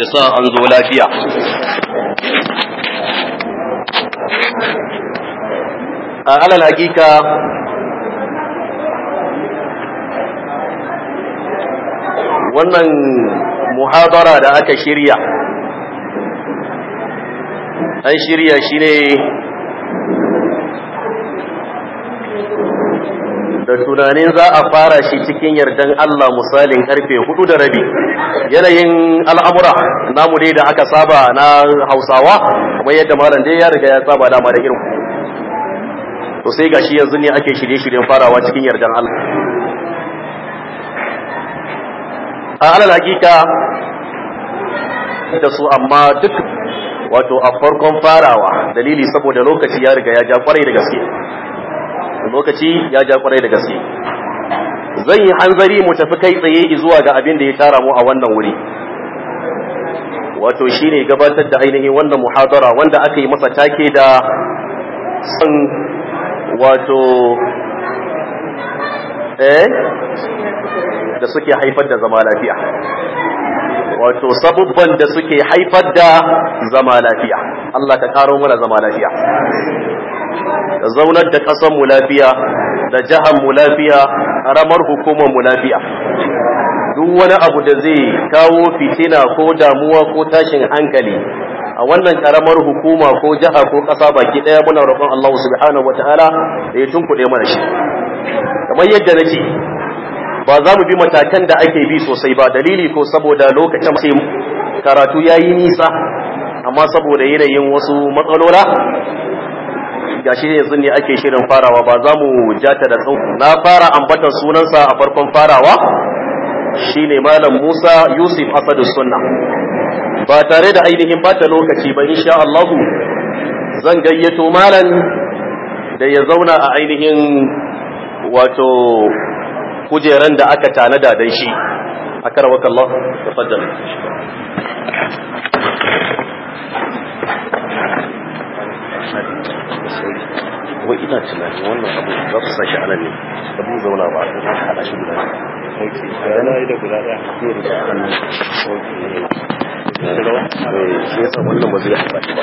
ya sa an zo lafiya a alal hakika wannan muhabara da aka shirya an shirya shi ne da tunanin za a fara shi cikin yardan Allah misalin karfe hudu da rabi yanayin al'amura namu dai da aka saba na hausawa kamar yadda malam dai ya riga ya saba dama da irin to sai gashi yanzu ne ake shirye-shiryen farawa cikin yardan Allah a alal hakika da su amma duk wato a farkon farawa dalili saboda lokaci ya riga ya ja kwarai da gaske lokaci ya ja kwarai da gaske zan yi hanzari mu tafi kai tsaye zuwa ga abin da ya tara mu a wannan wuri wato shine gabatar da ainihin wannan muhadara wanda aka yi masa take da san wato eh da suke haifar da zama lafiya wato sabubban da suke haifar da zama lafiya Allah ka karo mana zama lafiya da zaunar da ƙasar mu lafiya da jihar mu lafiya ƙaramar hukumar mu lafiya duk wani abu da zai kawo fitina ko damuwa ko tashin hankali a wannan ƙaramar hukuma ko jiha ko ƙasa baki ɗaya muna roƙon Allah subhanahu wataala da ya tunkuɗe mana shi kamar yadda nake ba za mu bi matakan da ake bi sosai ba dalili ko saboda lokacin sai karatu yayi nisa amma saboda yanayin wasu matsalola gashi yanzu ne ake shirin farawa ba za mu jata da tsau na fara ambatan sunansa a farkon farawa shi ne malam Musa Yusuf Asadu Sunna ba tare da ainihin bata lokaci ba insha allahu zan gayyato malam da ya zauna a ainihin wato kujeran da aka tanada da shi A akarwaka Allah fajar gobe ina tunanin wannan abu za su sashi ala ne da mun zauna ba a kan hada shi guda ɗaya na da guda ɗaya ne da eh, yasa wannan ba zai haɗa shi ba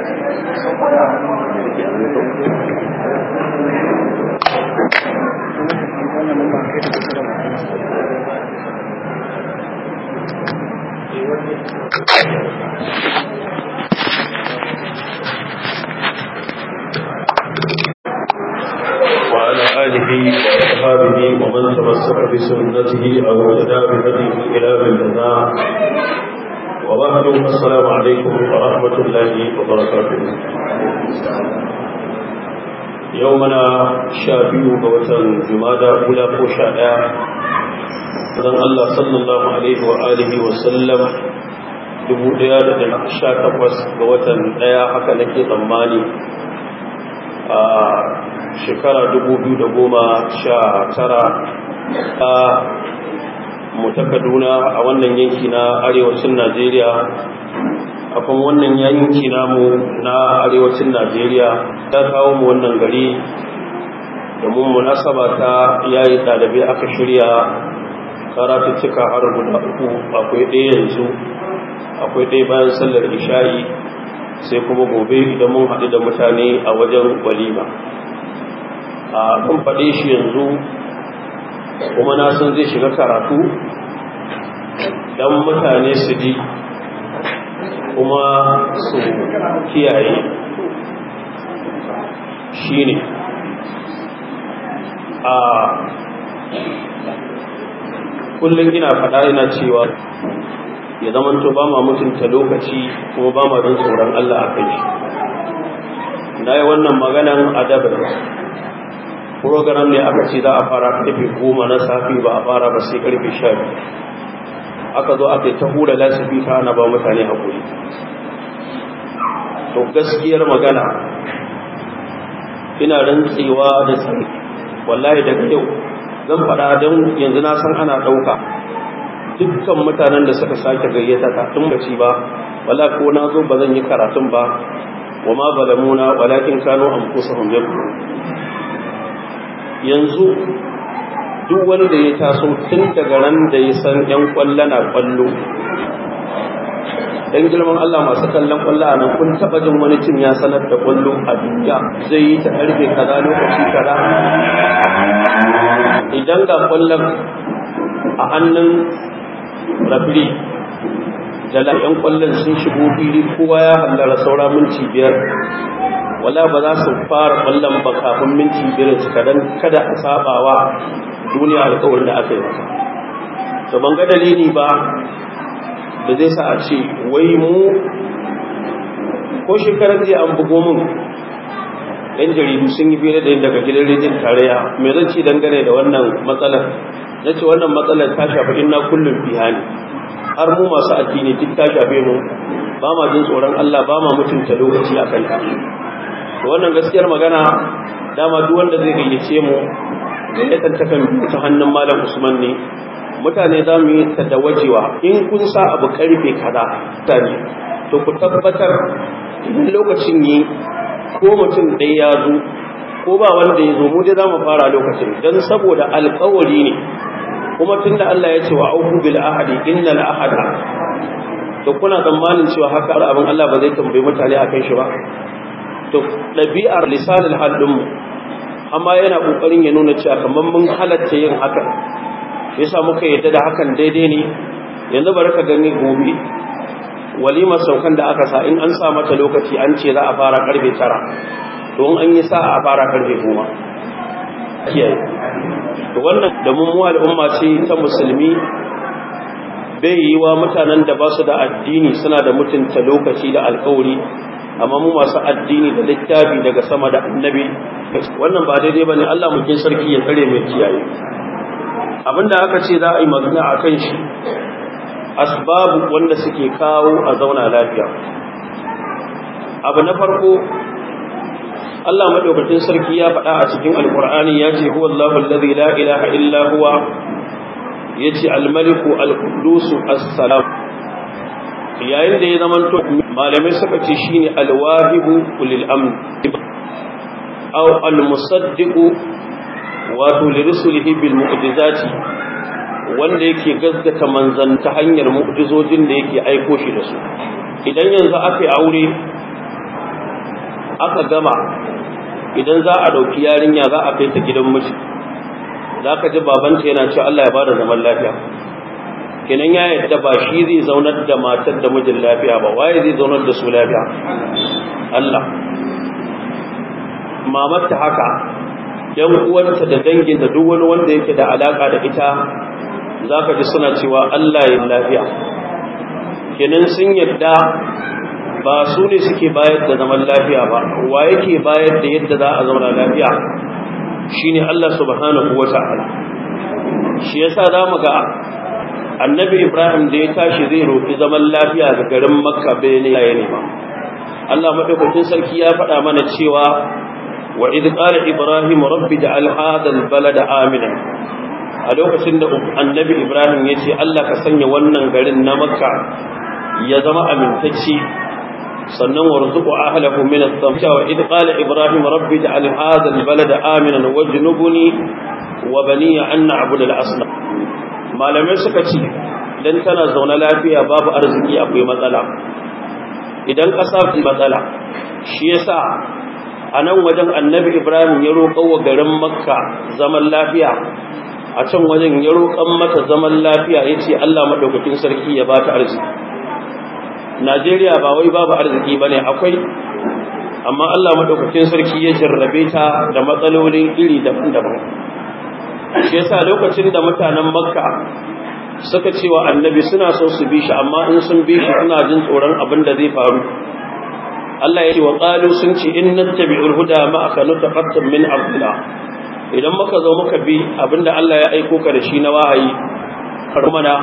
sha biyu ga watan jumada ko sha ɗaya don Allah sallallahu alaihi wa alihi wa sallam dubu ɗaya da sha takwas ga watan ɗaya haka nake tsammani a shekara dubu biyu da goma sha tara ta mu kaduna a wannan yanki na arewacin najeriya akwai wannan yanki namu na arewacin najeriya ta kawo mu wannan gari domin munasaba ta yayi ɗalibai aka shirya cika har guda uku akwai ɗaya yanzu akwai ɗaya bayan sallar isha'i sai kuma gobe idan mun haɗu da mutane a wajen walima a kun faɗe shi yanzu kuma na san zai shiga karatu don mutane su ji kuma su kiyaye shine. a kullum ina faɗa ina cewa ya zamanto ba ma mutunta lokaci kuma ba ma don tsoron Allah a kai shi na yi wannan maganan a program ne aka ce za a fara karfe goma na safi ba a fara ba sai karfe sha biyu aka zo aka yi ta hura lasifi ta ana ba mutane haƙuri to gaskiyar magana ina rantsewa da tsarki wallahi daga kyau zan faɗa don yanzu na san ana ɗauka dukkan mutanen da suka sake gayyata ta tun baci ba wala ko na zo ba zan yi karatun ba wa ma balamuna walakin kanu anfusahum yaqulu yanzu duk wanda ya taso tun daga ran da ya san yan kwallo na kwallo dan girman Allah masu kallon kwallo a nan kun taba jin wani cin ya sanar da kwallo a duniya zai yi ta karfe kaza lokaci kaza idan ga kwallon a hannun rafiri jala yan kwallon sun shigo fili kowa ya hallara saura minti biyar wala ba za su fara kwallon ba kafin minti biyar su kadan kada a sabawa duniya alkawarin da aka yi to ban ga dalili ba da zai sa a ce wai mu ko shekarar jiya an bugo mun yan jaridu sun yi fiye da yin daga gidan rejin tarayya me zan ce dangane da wannan matsalar na ce wannan matsalar ta shafi inna kullum fiha ne har mu masu addini duk ta shafe mu ba ma jin tsoron Allah ba ma mutunta lokaci a kanta to wannan gaskiyar magana dama duk wanda zai gayyace mu gayyatan ta kan ta hannun malam Usman ne mutane za mu yi ta da wajewa in kun sa abu karfe kaza ne to ku tabbatar idan lokacin yi ko mutum dai ya zo ko ba wanda ya zo mu dai za mu fara lokacin don saboda alkawari ne kuma tun da Allah ya ce wa auku bil ahadi innal ahada to kuna tsammanin cewa haka abin Allah ba zai tambayi mutane a kan shi ba to ɗabi'ar lisanin halin mu amma yana ƙoƙarin ya nuna cewa kamar mun halatta yin haka yasa muka yadda da hakan daidai ne yanzu bari ka gani gobe walimar saukan da aka sa in an sa mata lokaci an ce za a fara karfe tara to an yi sa a fara karfe goma kiyaye to wannan da mummuwa al'umma ce ta musulmi bai yi wa mutanen da ba su da addini suna da mutunta lokaci da alkawari amma mu masu addini da littafi daga sama da annabi wannan ba daidai ba ne allah mukin sarki ya tsare mai kiyaye abinda aka ce za a yi magana a kan shi asbabu wanda suke kawo a zauna lafiya abu na farko Allah madaukakin sarki ya faɗa a cikin Alƙur'ani ya ce huwa Allahu la ilaha illa huwa yace al-maliku al-quddus as-salam yayin da ya zamanto malamai suka ce shine al-wahibu lil amn aw al-musaddiqu wato lirusulihi bil mu'jizati wanda yake gaskata manzan ta hanyar mu'jizojin da yake aiko shi da su idan yanzu aka yi aure aka gama idan za a ɗauki yarinya za a kai ta gidan miji za ka ji babanta yana cewa Allah ya bada zaman lafiya kenan ya yadda ba shi zai zaunar da matar da mijin lafiya ba waye zai zaunar da su lafiya Allah mamar ta haka yan uwanta da danginta duk wani wanda yake da alaka da ita za ka ji suna cewa Allah ya lafiya kenan sun yadda ba su ne suke bayar da zaman lafiya ba wa yake bayar da yadda za a zauna lafiya shine Allah subhanahu ta'ala. shi yasa mu ga annabi Ibrahim da ya tashi zai roki zaman lafiya ga garin Makka bai ne ya nema Allah madaukakin sarki ya faɗa mana cewa وإذ Ibrahim إبراهيم رب جعل هذا البلد Amina a lokacin da annabi ibrahim ya ce allah ka sanya wannan garin na makka ya zama amintacci sannan warzuqu ahlahu min ath-thamra wa id ibrahim rabbi ja'al hadha al Amina aminan wajnubni wa bani an na'budu al-asnam malamai suka ce dan tana zauna lafiya babu arziki akwai matsala idan kasa matsala shi yasa a nan wajen annabi ibrahim ya roƙa wa garin makka zaman lafiya a can wajen ya roƙan mata zaman lafiya ya ce allah maɗaukakin sarki ya ba ta arziki najeriya ba wai babu arziki ba ne akwai amma allah maɗaukakin sarki ya jarrabe ta da matsalolin iri daban-daban shi yasa lokacin da mutanen makka suka ce annabi suna so su bi shi amma in sun bi shi suna jin tsoron abin da zai faru Allah ya ce wa qalu sun ce in nattabi'ul huda ma aka nutaqattam min abdina idan muka zo muka bi abinda Allah ya aiko ka da shi na wahayi karmana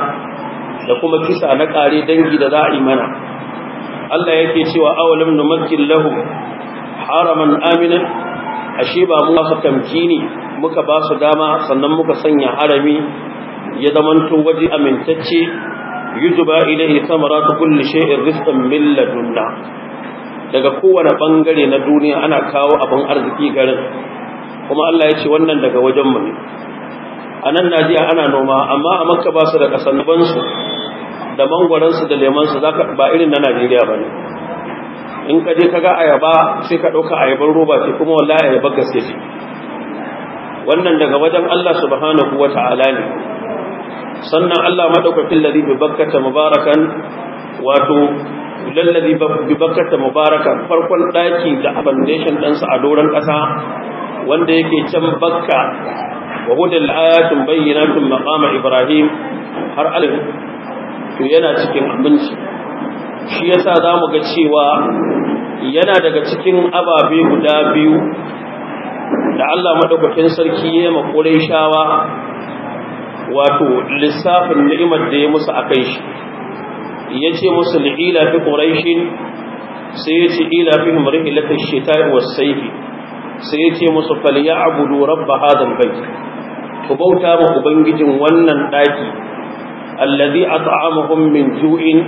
da kuma kisa na kare dangi da za a yi mana Allah yake cewa awalam numakkin lahu, haraman aminan ashe ba mu aka tamkini muka ba su dama sannan muka sanya harami ya zamanto waje amintacce yujuba ilaihi samaratu kulli shay'in rizqan min ladunna daga kowane bangare na duniya ana kawo abin arziki garin kuma Allah ya ce wannan daga wajen ne a nan ana noma amma a Makka ba su da kasanban su da mangwaransu da leman su zaka ba irin na Najeriya ba ne. in ka je ga ayaba sai ka ɗauka ayaban roba ce kuma wallahi ayaba gaske ce wannan daga wajen Allah subhanahu wata'ala ne sannan Allah madaukakin ladhi bi bakkata mubarakan wato lallazi bi bakkata mubaraka farkon daki da abandation ɗansa a doron ƙasa wanda yake can bakka wa hudal ayatun bayyinatun maqama ibrahim har alif to yana cikin abinci shi yasa zamu ga cewa yana daga cikin ababe guda biyu da Allah madaukakin sarki ya ma shawa wato lissafin ni'imar da ya musu akai shi ya ce musu li'ila fi ƙorashin, sai ya ce ila fi himarin ilatar shita wa saifi sai ya ce musu faliya abudu rabba hadal bai ku bauta ma ubangijin wannan ɗaki allazi a ta'amahun min ju'in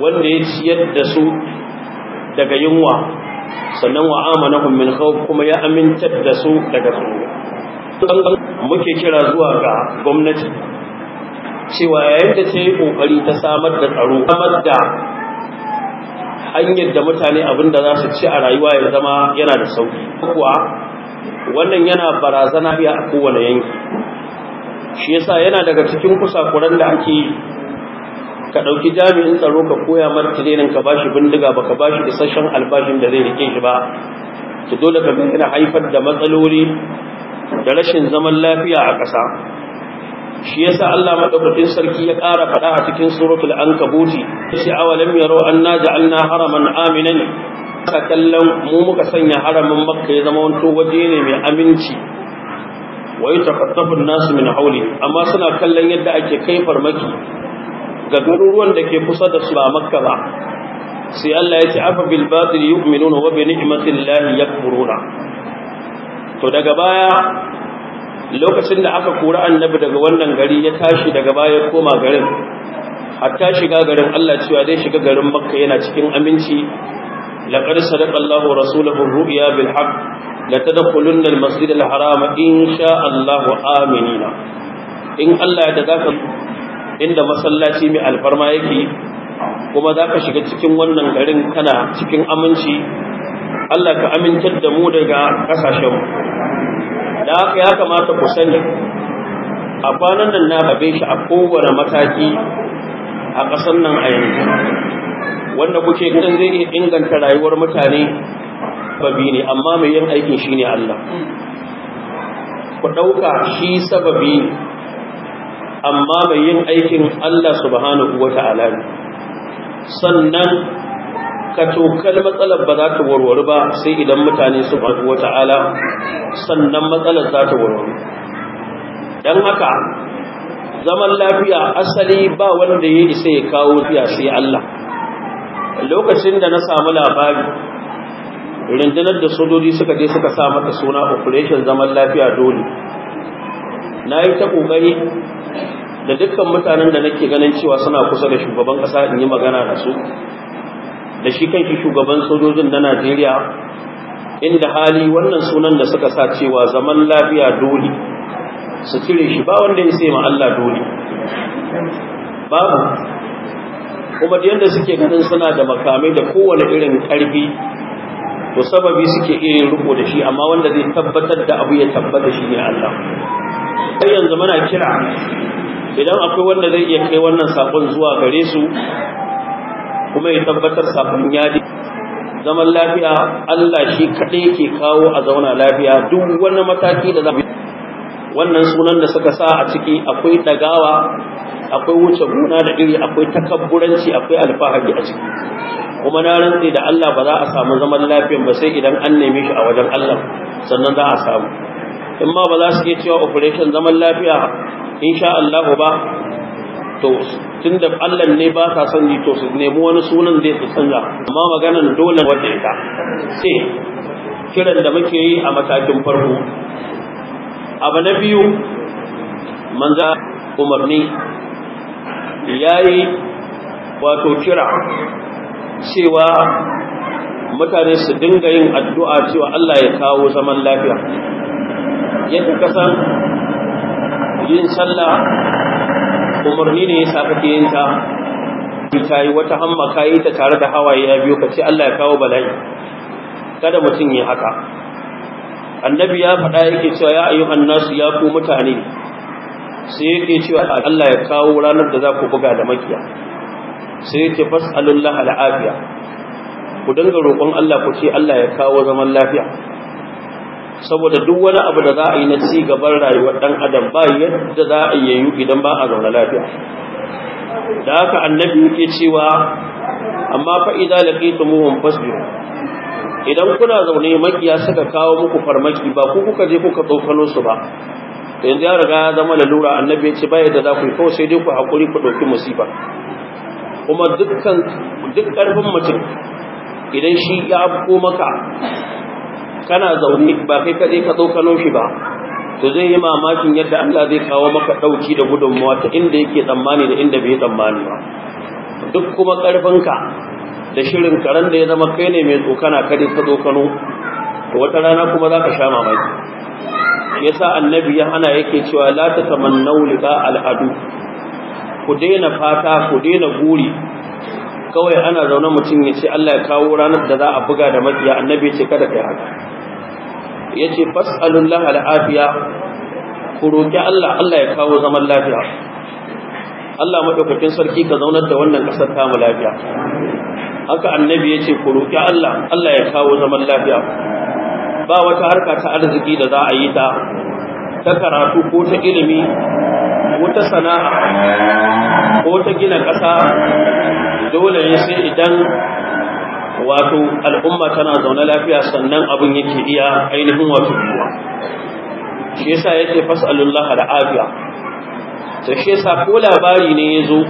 wanda ya ciyar da su daga yunwa sannan wa amanahum min khawf kuma ya amintar da su daga tsoro muke kira zuwa ga gwamnati cewa yayin da ta yi ƙoƙari ta samar da tsaro samar da hanyar da mutane abin da za su ci a rayuwa ya zama yana da sauki kuwa wannan yana barazana iya a kowane yanki shi yasa yana daga cikin kusakuran da ake ka ɗauki jami'in tsaro ka koya mar tirenin ka bashi bindiga baka bashi isasshen albashin da zai rike shi ba to dole ka yana haifar da matsaloli da rashin zaman lafiya a ƙasa shi yasa Allah madaukakin sarki ya ƙara faɗa a cikin suratul ankabuti shi awalam yaro anna ja'alna haraman aminan ka kallon mu muka sanya haramin makka ya zama wato waje ne mai aminci wa yatakattafu an-nasu min hauli. amma suna kallon yadda ake kai farmaki ga garuruwan da ke kusa da su ba makka ba sai Allah ya ce afa bil batil yu'minuna wa bi ni'matillahi yakfuruna to daga baya lokacin da aka kura annabi daga wannan gari ya tashi daga baya koma garin hatta shiga garin Allah cewa zai shiga garin Makka yana cikin aminci laqad sadaqa Allahu ru'ya bil haqq la tadkhulunna al masjid al haram sha Allah aminina in Allah ya ka inda masallaci mai alfarma yake kuma zaka shiga cikin wannan garin kana cikin aminci Allah ka amintar da mu daga kasashen mu da haka ya kamata ku sani a kwanan nan na habe shi a kowane mataki a ƙasar nan a yanzu wanda kuke kan zai iya inganta rayuwar mutane babi ne amma mai yin aikin shine Allah ku ɗauka shi sababi amma mai yin aikin Allah subhanahu wa ta'ala sannan katokar matsalar ba za ta warware ba sai idan mutane su faɗi wata'ala sannan matsalar za ta warware don haka zaman lafiya asali ba wanda ya isa ya kawo fiya sai Allah lokacin da na samu labari rundunar da sojoji suka je suka sa mata suna operation zaman lafiya dole na yi ta ƙoƙari da dukkan mutanen da nake ganin cewa suna kusa da shugaban ƙasa in yi magana da su da shi kanki shugaban sojojin na Najeriya inda hali wannan sunan da suka sa cewa zaman lafiya dole su cire shi ba wanda ya sai ma Allah dole babu kuma da yadda suke ganin suna da makamai da kowane irin karfi to sababi suke iya riko da shi amma wanda zai tabbatar da abu ya tabbata shi ne Allah sai yanzu muna kira idan akwai wanda zai iya kai wannan sakon zuwa gare su kuma ya tabbatar sakon yadi zaman lafiya Allah shi kaɗai ke kawo a zauna lafiya duk wani mataki da za wannan sunan da suka sa a ciki akwai ɗagawa akwai wuce guna da iri akwai takabburanci akwai alfahari a ciki kuma na rantse da Allah ba za a samu zaman lafiyan ba sai idan an neme shi a wajen Allah sannan za a samu in ma ba za su yi cewa operation zaman lafiya insha Allah ba to tun Allah ne ba sa son ni to su nemi wani sunan zai su sanya amma maganan dole ya ita sai kiran da muke yi a matakin farko abu na biyu manza umarni ya yi wato kira cewa mutane su dinga yin addu'a cewa Allah ya kawo zaman lafiya yadda kasan yin sallah umarni ne ya sa kake yin ta ta yi wata hamma ka yi ta tare da hawaye ya biyo ka ce Allah ya kawo bala'i kada mutum ya haka annabi ya faɗa yake cewa ya ayyuhan nasu ya ku mutane sai yake cewa Allah ya kawo ranar da za ku buga da makiya sai yake fas'alullah al'afiya ku dinga roƙon Allah ku ce Allah ya kawo zaman lafiya saboda duk wani abu da za a yi na ci gaban rayuwar dan adam ba yadda za a yi idan ba a zaune lafiya da haka annabi yake cewa amma fa idza laqitumuhum fasbiru idan kuna zaune makiya suka kawo muku farmaki ba ku kuka je kuka tsokalo su ba yanzu ya riga ya zama lalura annabi ya ce ba yadda za ku yi kawai sai dai ku hakuri ku ɗauki musiba kuma dukkan duk ƙarfin mutum idan shi ya afko maka kana zaune ba kai kaɗai ka tsokano shi ba to zai yi mamakin yadda Allah zai kawo maka ɗauki da gudunmawa ta inda yake tsammani da inda bai tsammani ba duk kuma karfin ka da shirin karan da ya zama kai ne mai tsokana kaɗai ka tsokano to wata rana kuma za ka sha mamaki yasa annabi ya hana yake cewa la ta tamannau liqa al'adu ku daina fata ku daina guri kawai ana zaune mutum ya ce Allah ya kawo ranar da za a buga da makiya annabi ce kada kai haka yace fas'alullah al'afiya ku roki Allah Allah ya kawo zaman lafiya Allah madaukakin sarki ka zaunar da wannan kasar ta mu lafiya haka annabi yace ku roki Allah Allah ya kawo zaman lafiya ba wata harka ta arziki da za a yi ta ta karatu ko ta ilimi ko ta sana'a ko ta gina ƙasa dole ne sai idan wato al'umma tana zaune lafiya sannan abin yake iya ainihin wato yiwuwa shi yasa yake fas'alullah da afiya to shi yasa ko labari ne ya zo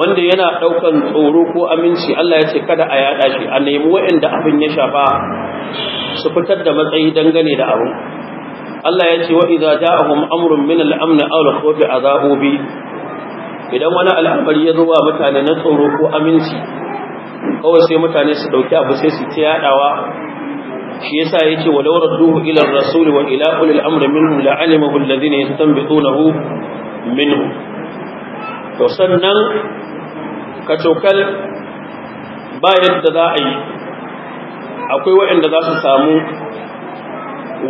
wanda yana daukan tsoro ko aminci Allah ya ce kada a yada shi a nemi waɗanda abin ya shafa su fitar da matsayi dangane da abu. Allah ya ce wa idza ja'ahum amrun min al-amn aw al khawf idan wani al'amari ya zo wa mutane na tsoro ko aminci kawai sai mutane su dauki abu sai su ta yadawa shi yasa yace walau radduhu ila ar-rasul wa ila ulil amri minhum la'alimahu alladhina yastanbitunahu minhu to sannan ka tokal ba yadda za a yi akwai waɗanda za su samu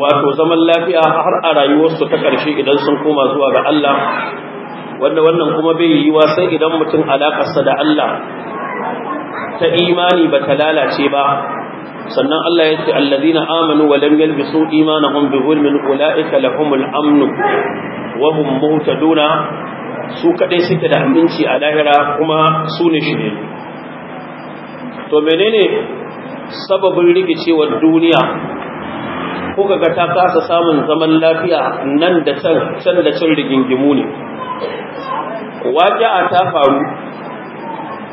wato zaman lafiya har a rayuwarsu ta ƙarshe idan sun koma zuwa ga Allah wanda wannan kuma bai yi wa sai idan mutum alaƙarsa da Allah ta imani ba ta lalace ba sannan Allah ya ce allazina amanu wa lam yalbisu imanahum bi zulmin ulaika lahumul amn wa hum muhtaduna su kadai suke da aminci a lahira kuma su ne shirye to menene sababin rikicewar duniya ko ga ta kasa samun zaman lafiya nan da can can da can rigingimu ne waƙi'a ta faru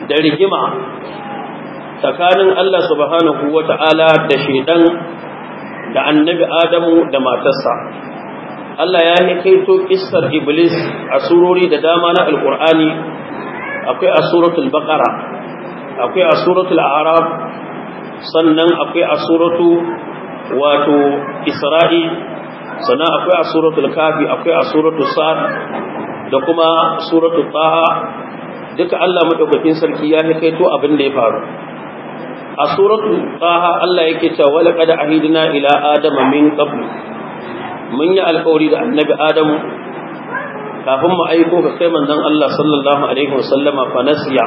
da rigima tsakanin Allah subhanahu wa ta'ala da shaidan da annabi Adamu da matarsa. Allah ya nikaito issar Iblis a surori da dama na Alƙur'ani akwai a suratul Baqara akwai a suratul Arab sannan akwai a suratu wato Isra'i sannan akwai a suratul Kafi akwai a suratul Sa'ad da kuma suratul Taha duka Allah madaukakin sarki ya hikaito abin da ya faru a suratu taha Allah yake cewa wala qad ahidna ila adama min qabl mun yi alƙawari da annabi adamu kafin mu aiko ka kai manzon Allah sallallahu alaihi wasallama fa nasiya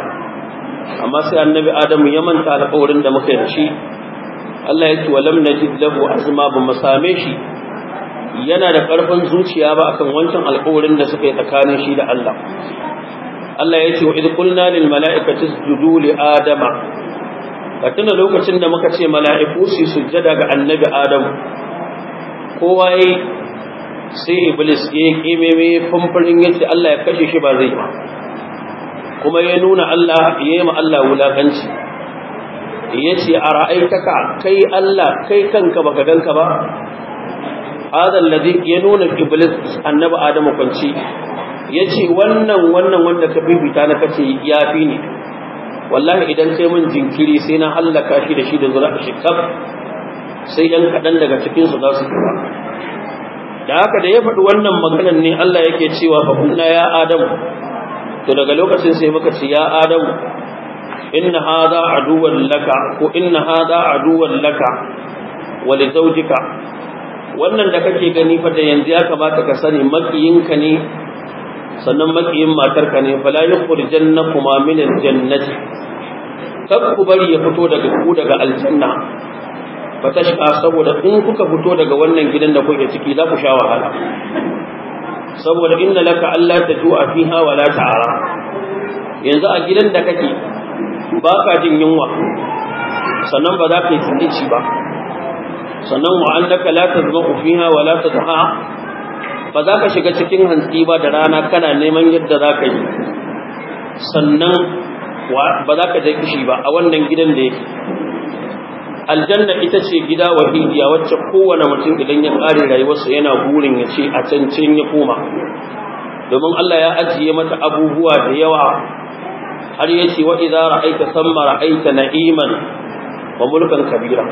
amma sai annabi adamu ya manta alƙawarin da muka yi da shi Allah ya ce walam najid lahu azma ba mu same shi yana da ƙarfin zuciya ba akan wancan alƙawarin da suka yi tsakanin shi da Allah Allah ya ce wa idh qulna lil mala'ikati isjudu li adama ka tuna lokacin da muka ce mala'iku su sujjada ga annabi adamu kowa yi sai iblis ya kimeme fanfarin yace Allah ya kashe shi ba zai ba kuma ya nuna Allah ya yi ma Allah wulakanci ya ce a ra'aitaka kai Allah kai kanka baka danka ba hadha alladhi ya nuna iblis annabi adamu kwanci yace wannan wannan wanda ka bibita na kace ya fi ne wallahi idan kai mun jinkiri sai na hallaka shi da shi da zura shi kaf sai yan kadan daga cikin su za su tura da haka da ya faɗi wannan maganar ne Allah yake cewa fa kunna ya adamu to daga lokacin sai muka ce ya adamu inna hadha aduwwan laka ko inna hadha aduwwan laka wa li zawjika wannan da kake gani fa da yanzu ya kamata ka sani makiyinka ne sannan makiyin matarka ne fala yukhrijannakuma min aljannati kar ku bari ya fito daga ku daga aljanna fa tashqa saboda in kuka fito daga wannan gidan da kuke ciki za ku sha wahala saboda inna laka alla tajua fiha wala ta'ara yanzu a gidan da kake ba ka jin yunwa sannan ba za ka yi tsinici ba sannan wa la tazbu fiha wa la tadha ba za ka shiga cikin hantsi ba da rana kana neman yadda za ka yi sannan ba za ka je kishi ba a wannan gidan da yake aljanna ita ce gida wahidiya wacce kowane mutum idan ya ƙare rayuwarsa yana burin ya ce a can ya koma domin Allah ya ajiye mata abubuwa da yawa har ya ce wa idza ra'aita thamma ra'aita na'iman wa mulkan kabira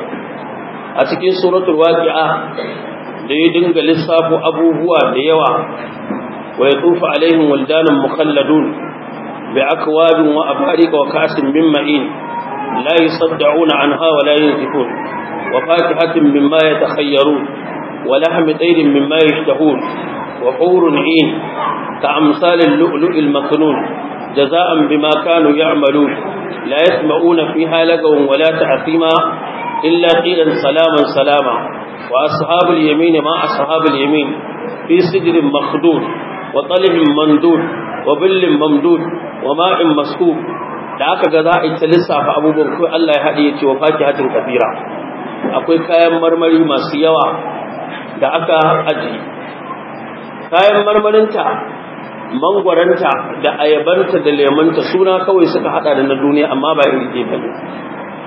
a cikin suratul waqi'a da ya dinga lissafo abubuwa da yawa wa yatufu alaihim waldanun mukhalladun bi akwabin wa abariq wa kasin min ma'in la yusaddauna anha wa la yunzifun wa fatihatin mimma yatakhayyarun wa lahmi tayrin mimma yashtahun wa hurun 'ain كأمثال اللؤلؤ المكنون جزاء بما كانوا يعملون لا يسمعون فيها لغوا ولا تأثيما illa qilan salaman salama wa ashabul yamin ma ashabul yamin fi sidrin makhdud wa talhin mandud wa billin da aka ga za a yi ta lissafa abubuwan kai Allah ya haɗe ya ce wa fakihatin kabira akwai kayan marmari masu yawa da aka aji kayan marmarinta mangwaranta da ayabanta da lemanta suna kawai suka haɗa da na duniya amma ba iri ɗaya bane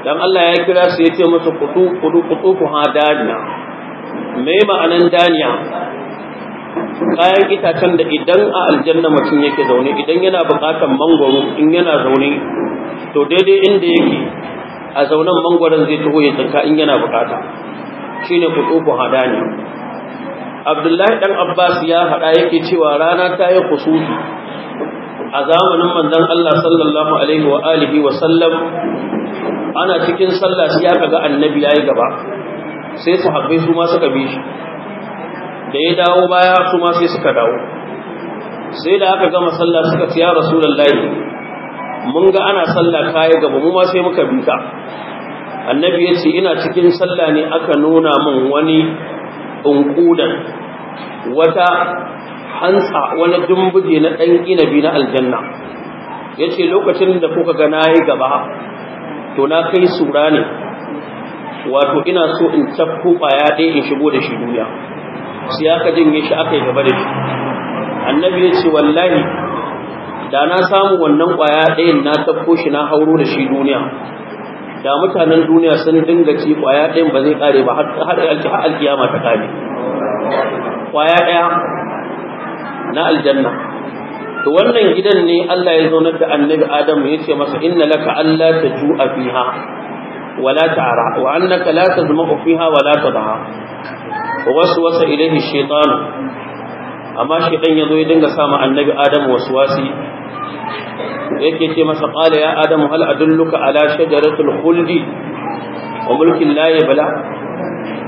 dan Allah ya kira su ya ce musu kudu kudu kudu ku ha daniya me ma'anan daniya kayan itacen da idan a aljanna mutum yake zaune idan yana buƙatar mangwaro in yana zaune to daidai inda yake a zaunen mangwaron zai taho ya tsinka in yana buƙata shine kudu ku ha daniya Abdullahi dan Abbas ya haɗa yake cewa rana ta yi kusufi a zamanin manzon Allah sallallahu alaihi wa alihi wa sallam ana cikin sallah sai aka ga annabi yayi gaba sai su ma suka bi shi da ya dawo baya su ma sai suka dawo sai da aka gama sallah suka ce ya rasulullahi mun ga ana sallah kai gaba mu ma sai muka bi ka annabi ya ce ina cikin sallah ne aka nuna min wani unkudan wata hantsa wani dumbuje na ɗan inabi na aljanna ya ce lokacin da kuka ga na gaba to na kai sura ne wato ina so in tafko kwaya ɗaya in shigo da shi duniya sai aka janye shi aka yi gaba da shi annabi ya ce wallahi da na samu wannan ƙwaya ɗayan na tafko shi na hauro da shi duniya da mutanen duniya sun dinga ci ƙwaya ɗayan ba zai ƙare ba har alƙiyama ta ƙare ƙwaya ɗaya na aljanna to wannan gidan ne Allah ya zaunar da annabi Adam ya ce masa inna laka alla taju'a fiha wala ta'ra wa annaka la tazma'u fiha wala tadha waswasa ilayhi shaytan amma shaytan ya zo ya dinga sa ma annabi Adam waswasi yake ce masa qala ya adam hal adulluka ala shajaratul khuldi wa mulkin la yabla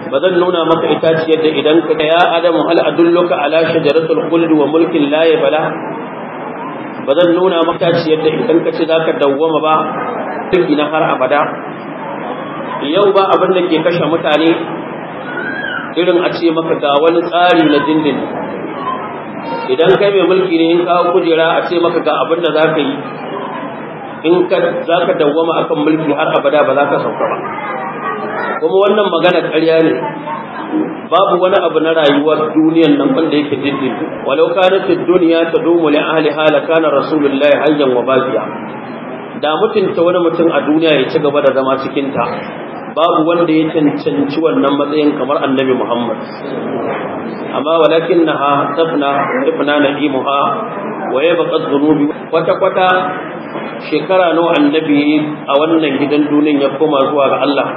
bazan nuna maka itaciyar da idan ka ya Adamu hal adulluka ala shajaratul khuldi wa mulkin la yabla ba zan nuna maka shi yadda idan ka ce za ka dawwama ba duk ina har abada yau ba abin da ke kashe mutane irin a ce maka ga wani tsari na dindin idan kai mai mulki ne in kawo kujera a ce maka ga abin da za ka yi in za ka dawwama akan mulki har abada ba za ka sauka ba kuma wannan magana ƙarya ne babu wani abu na rayuwar duniyan nan wanda yake dindin walau ta duniya ta tadumu li ahli hala kana rasulullahi hayyan wa baqiya da mutunta wani mutum a duniya ya ci gaba da zama cikin ta babu wanda ya cancanci wannan matsayin kamar annabi Muhammad amma walakinnaha tafna tafna na'imuha wa yabqa dhunubi kwata kwata shekara nawa annabi a wannan gidan duniyan ya koma zuwa ga Allah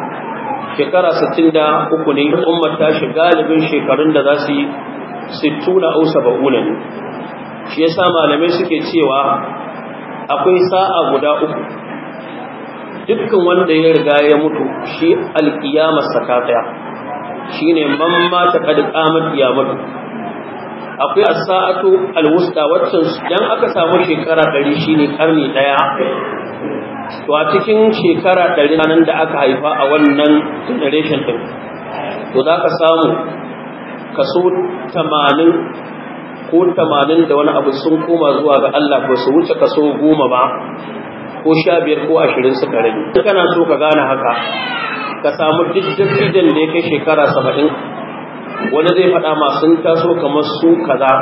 shekara 63 ne ummar ta shi galibin shekarun da za su yi 60 au 70 ne shi ya sa malamai suke cewa akwai sa'a guda uku dukkan wanda ya riga ya mutu shi alkiyamar sakataya shi ne mamma ta mata kamar kiyamar akwai a saatu alwusta wusta wacce aka samu shekara 100 ne karni daya to a cikin shekara ɗari nan da aka haifa a wannan generation ɗin to za ka samu kaso tamanin ko tamanin da wani abu sun koma zuwa ga Allah ba su wuce kaso goma ba ko sha biyar ko ashirin suka rage kana so ka gane haka ka samu duk dattijan da ya kai shekara saba'in wani zai faɗa ma sun taso kamar su kaza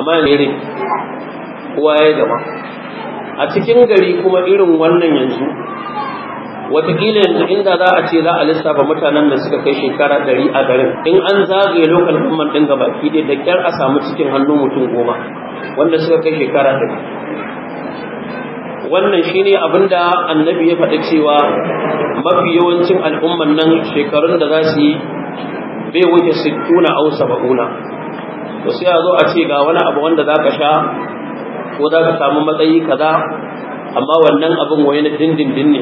amma ne kowa ya gaba a cikin gari kuma irin wannan yanzu wataƙila yanzu inda za a ce za a lissafa mutanen da suka kai shekara ɗari a garin in an zagaye lokal government ɗin gaba ɗaya da kyar a samu cikin hannun mutum goma wanda suka kai shekara ɗari wannan shine abin da annabi ya faɗi cewa mafi yawancin al'umman nan shekarun da za su yi bai wuce sittuna au saba'una to sai a zo a ce ga wani abu wanda za ka sha ko za ka samu matsayi kaza amma wannan abin waye na dindindin ne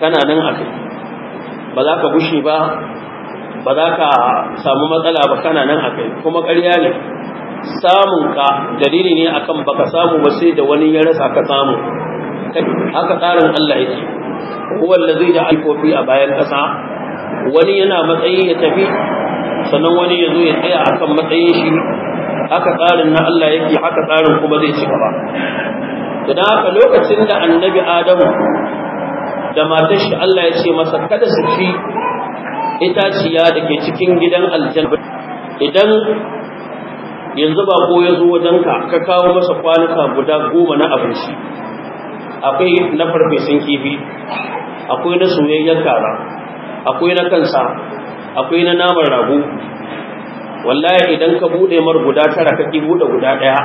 kana nan a kai ba za ka bushe ba ba za ka samu matsala ba kana nan a kai kuma ƙarya ne samun ka dalili ne akan baka samu ba sai da wani ya rasa ka samu haka tsarin Allah yake huwa allazi da alkofi a bayan ƙasa wani yana matsayi ya tafi sannan wani ya zo ya tsaya akan matsayin shi haka tsarin na Allah yake haka tsarin kuma zai ci gaba da haka lokacin da annabi adamu da matar shi Allah ya ce masa kada su ci itaciya da ke cikin gidan aljanna idan yanzu ba ko ya zo wajenka ka kawo masa kwanuka guda goma na abinci akwai na farfesun kifi akwai na soyayyen kara akwai na kansa akwai na naman rago wallahi idan ka bude mar guda tara ka bude buɗe guda ɗaya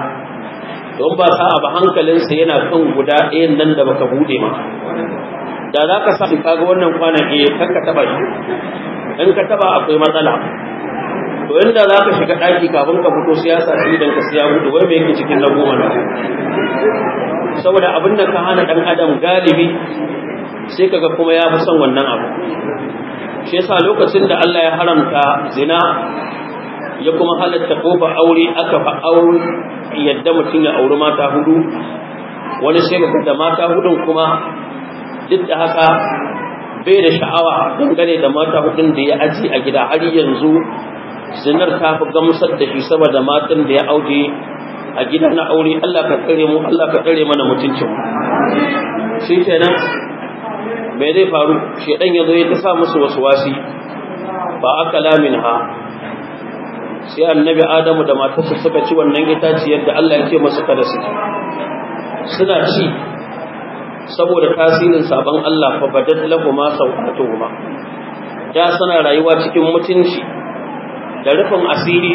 don ba sa ba hankalinsa yana kan guda ɗayan nan da baka bude ba da za ka sami kaga wannan kwanan ke eh, kan ka taba shi in ka taba akwai matsala to inda za ka shiga ɗaki kafin ka fito siyasa sa idan ka siya bude wai mai yake cikin na goma saboda abin da ka hana ɗan adam galibi sai kaga kuma ya fi son wannan abu shi yasa lokacin da Allah ya haramta zina ya kuma halatta kofa aure aka fa aure yadda mutum ya auri mata hudu wani sai ga da mata hudun kuma duk da haka bai da sha'awa dangane da mata hudun da ya aji a gida har yanzu zinar ta fi gamsar da shi saboda matan da ya auje a gida na aure Allah ka tsare mu Allah ka tsare mana mutuncin shi kenan bai zai faru shedan ya zo ya ta sa musu wasu wasi ba aka lamin ha sai annabi adamu da matarsa suka ci wannan itaciyar da Allah ya ce kada su ci suna ci saboda tasirin sabon Allah fa badat lahuma sawatuhuma da suna rayuwa cikin mutunci da rufin asiri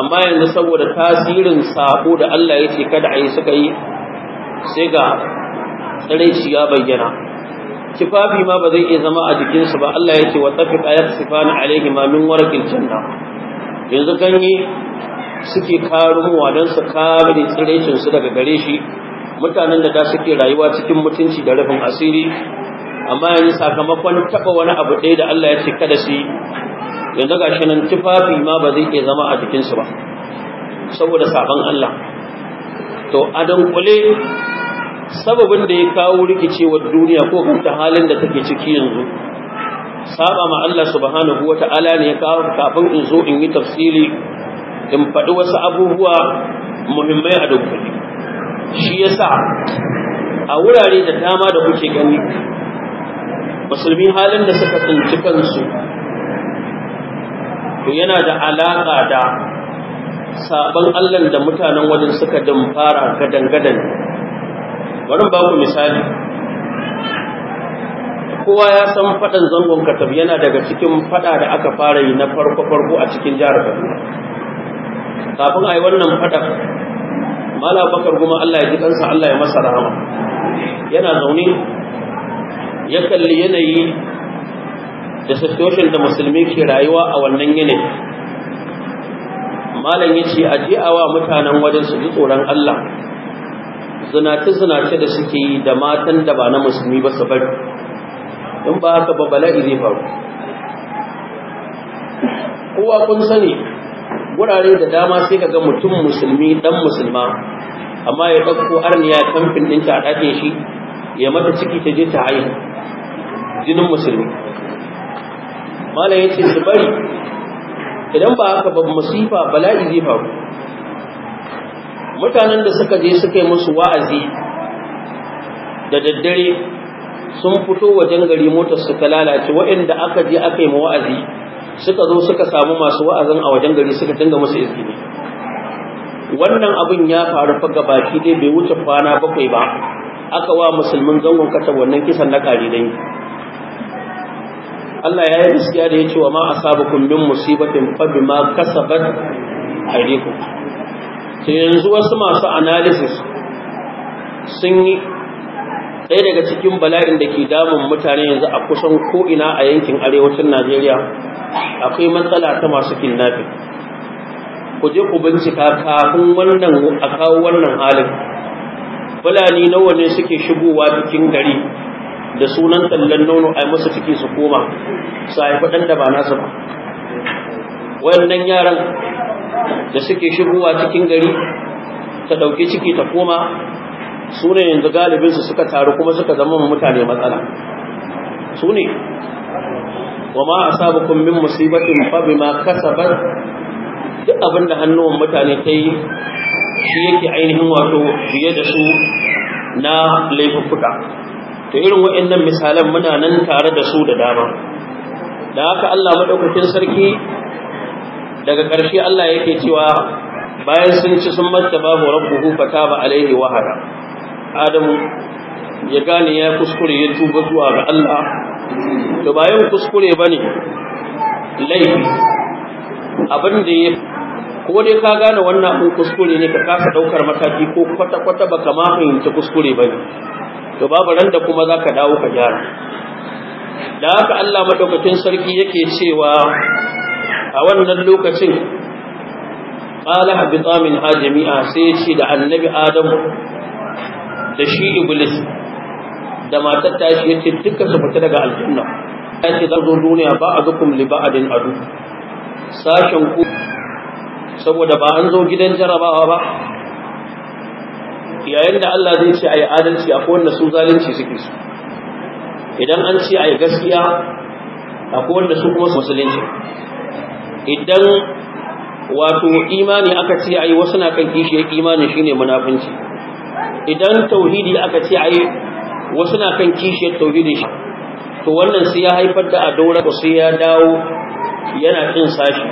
amma yanzu saboda tasirin sabo da Allah ya ce kada a yi suka yi sai ga shi ya bayyana kifafi ma ba zai iya zama a jikinsu ba Allah ya ce wa tafiqa yaksifana alaihi ma min warqil janna yanzu ganye suke karuwa don su kare tsiraicinsu daga gare shi mutanen da da suke rayuwa cikin mutunci da rufin asiri amma yanzu sakamakon taɓa wani abu ɗaya da Allah ya ce kada su yanzu ga shi nan tufafi ma ba zai iya zama a jikinsu ba saboda sabon Allah to a dunkule sababin da ya kawo rikicewar duniya ko kuma halin da take ciki yanzu saba ma Allah subhanahu ta'ala ne kafin in zo in yi tafsiri in faɗi wasu abubuwa muhimmai a dukkani shi yasa a wurare da dama da kuke gani musulmi halin da suka tsinci kansu to yana da alaƙa da sabon Allah da mutanen wajen suka dumfara gadan-gadan bari ba ku misali kowa ya san faɗan zangon katab yana daga cikin faɗa da aka fara yi na farko-farko a cikin jihar kaduna kafin a yi wannan faɗar mala bakar kuma allah ya ji ɗansa, allah ya masa rahama yana zaune ya kalli yanayi da situation da musulmi ke rayuwa a wannan yanayi malam ya ce a wa mutanen wajen su ji tsoron allah zinace-zinace da suke yi da matan da ba na musulmi ba su bari in ba haka ba bala'i zai faru kowa kun sani wurare da dama sai ka ga mutum musulmi dan musulma amma ya ɗauko arniya kamfin ɗinta a ɗakin shi ya mata ciki ta je ta haihu jinin musulmi malam ya ce su bari idan ba haka ba masifa bala'i zai faru mutanen da suka je suka yi musu wa'azi da daddare sun fito wajen gari motar suka lalace waɗanda aka je aka yi ma wa'azi suka zo suka samu masu wa'azin a wajen gari suka dinga musu izini wannan abin ya faru fa ki dai bai wuce kwana bakwai ba aka wa musulmin zangon kata wannan kisan na karidai Allah ya yi gaskiya da ya ce wa ma asabakum min musibatin fa bima kasabat aydikum to yanzu wasu masu analysis sun yi ɗaya daga cikin bala'in da ke damun mutane yanzu a kusan ko'ina a yankin arewacin najeriya akwai matsala ta masu kidnapping ku je ku bincika kafin wannan a kawo wannan halin fulani nawa ne suke shigowa cikin gari da sunan tallan nono a musu ciki su koma su haifi ɗan da ba nasu ba wannan yaran da suke shigowa cikin gari ta ɗauki ciki ta koma su ne yanzu galibinsu suka taru kuma suka zama mutane matsala su ne wa ma asabukum min musibatin fa bima kasabat duk abinda da hannuwan mutane ta yi shi yake ainihin wato fiye da su na laifuka to irin waɗannan misalan muna nan tare da su da dama da haka Allah madaukakin sarki daga ƙarshe Allah yake cewa bayan sun ci sun matta babu rabbuhu fataba alaihi wahada adamu ya gane ya kuskure ya tuba zuwa ga Allah to bayan kuskure bane laifi abin da ya ko dai ka gane wannan abin kuskure ne ka kasa daukar mataki ko kwata kwata baka ma fahimci kuskure bane to babu ran da kuma zaka dawo ka gyara da haka Allah madaukakin sarki yake cewa a wannan lokacin qala habita min ha jami'a sai ya ce da annabi adamu da shi iblis da matar ta shi yace dukkan su fita daga aljanna an ce zo duniya ba zukum li ba'din adu sashen ku saboda ba an zo gidan jarabawa ba yayin da Allah zai ce ayi adalci akwai wanda su zalunci suke su idan an ce ayi gaskiya akwai wanda su kuma musulunci idan wato imani aka ce ayi wasu na kan kishiyar imanin shine munafunci idan tauhidi aka ce ai wasu na kan kishiyar tauhidi shi to wannan sai ya haifar da adora ko sai ya dawo yana kin sashi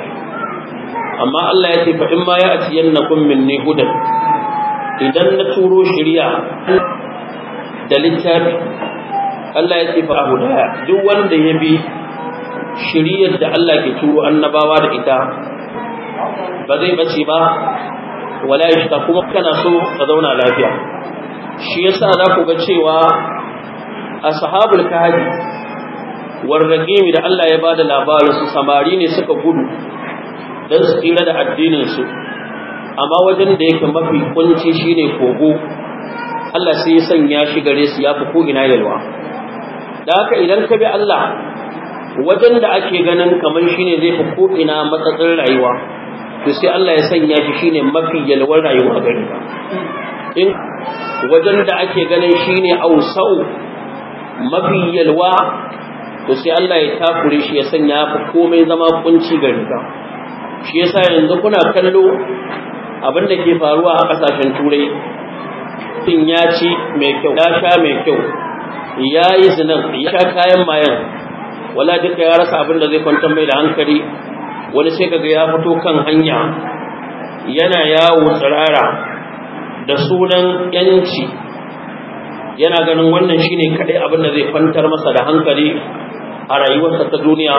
amma Allah ya ce fa in ma ya atiyannakum min hudan idan na turo shari'a da littafi Allah ya ce fa hudaya duk wanda ya bi shari'ar da Allah ke turo annabawa da ita ba zai bace ba wala yashqa kuma kana so ka zauna lafiya shi yasa za ku ga cewa ashabul kahfi Warragimi da Allah ya bada labarin su samari ne suka gudu dan su tsira da addinin su amma wajen da yake mafi kunci shine kogo Allah sai ya sanya shi gare su ya fi ina yalwa da haka idan ka bi Allah wajen da ake ganin kamar shine zai fi ko ina matsatsin rayuwa to sai Allah ya sanya shi shine mafi yalwar rayuwa gari in wajen da ake ganin shine ausau mafi yalwa to sai Allah ya takure shi ya sanya fa komai zama kunci gari ka shi yasa yanzu kuna kallo abin da ke faruwa a kasashen turai din ya ci mai kyau ya sha mai kyau ya yi zinan ya sha kayan mayan wala duka ya rasa abin da zai kwantar mai da hankali wani sai kaga ya fito kan hanya yana yawo tsirara da sunan yanci yana ganin wannan shine kadai abin da zai kwantar masa da hankali a rayuwarsa ta duniya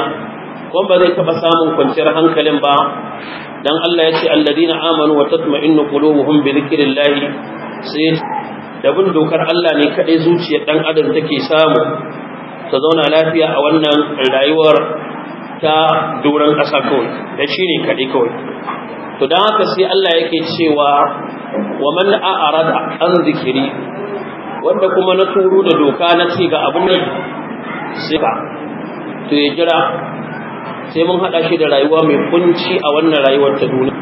kuma ba zai taɓa samun kwanciyar hankalin ba dan Allah ya ce alladina amanu wa tatma'innu qulubuhum bi dhikrillah sai da bin dokar Allah ne kadai zuciyar dan adam take samu ta zauna lafiya a wannan rayuwar ta doron ƙasa kawai da shi ne kaɗi kawai to don haka sai Allah yake cewa wa man a'arada an zikiri wanda kuma na turu da doka na ce ga abin nan sai ba to ya jira sai mun haɗa shi da rayuwa mai kunci a wannan rayuwar ta duniya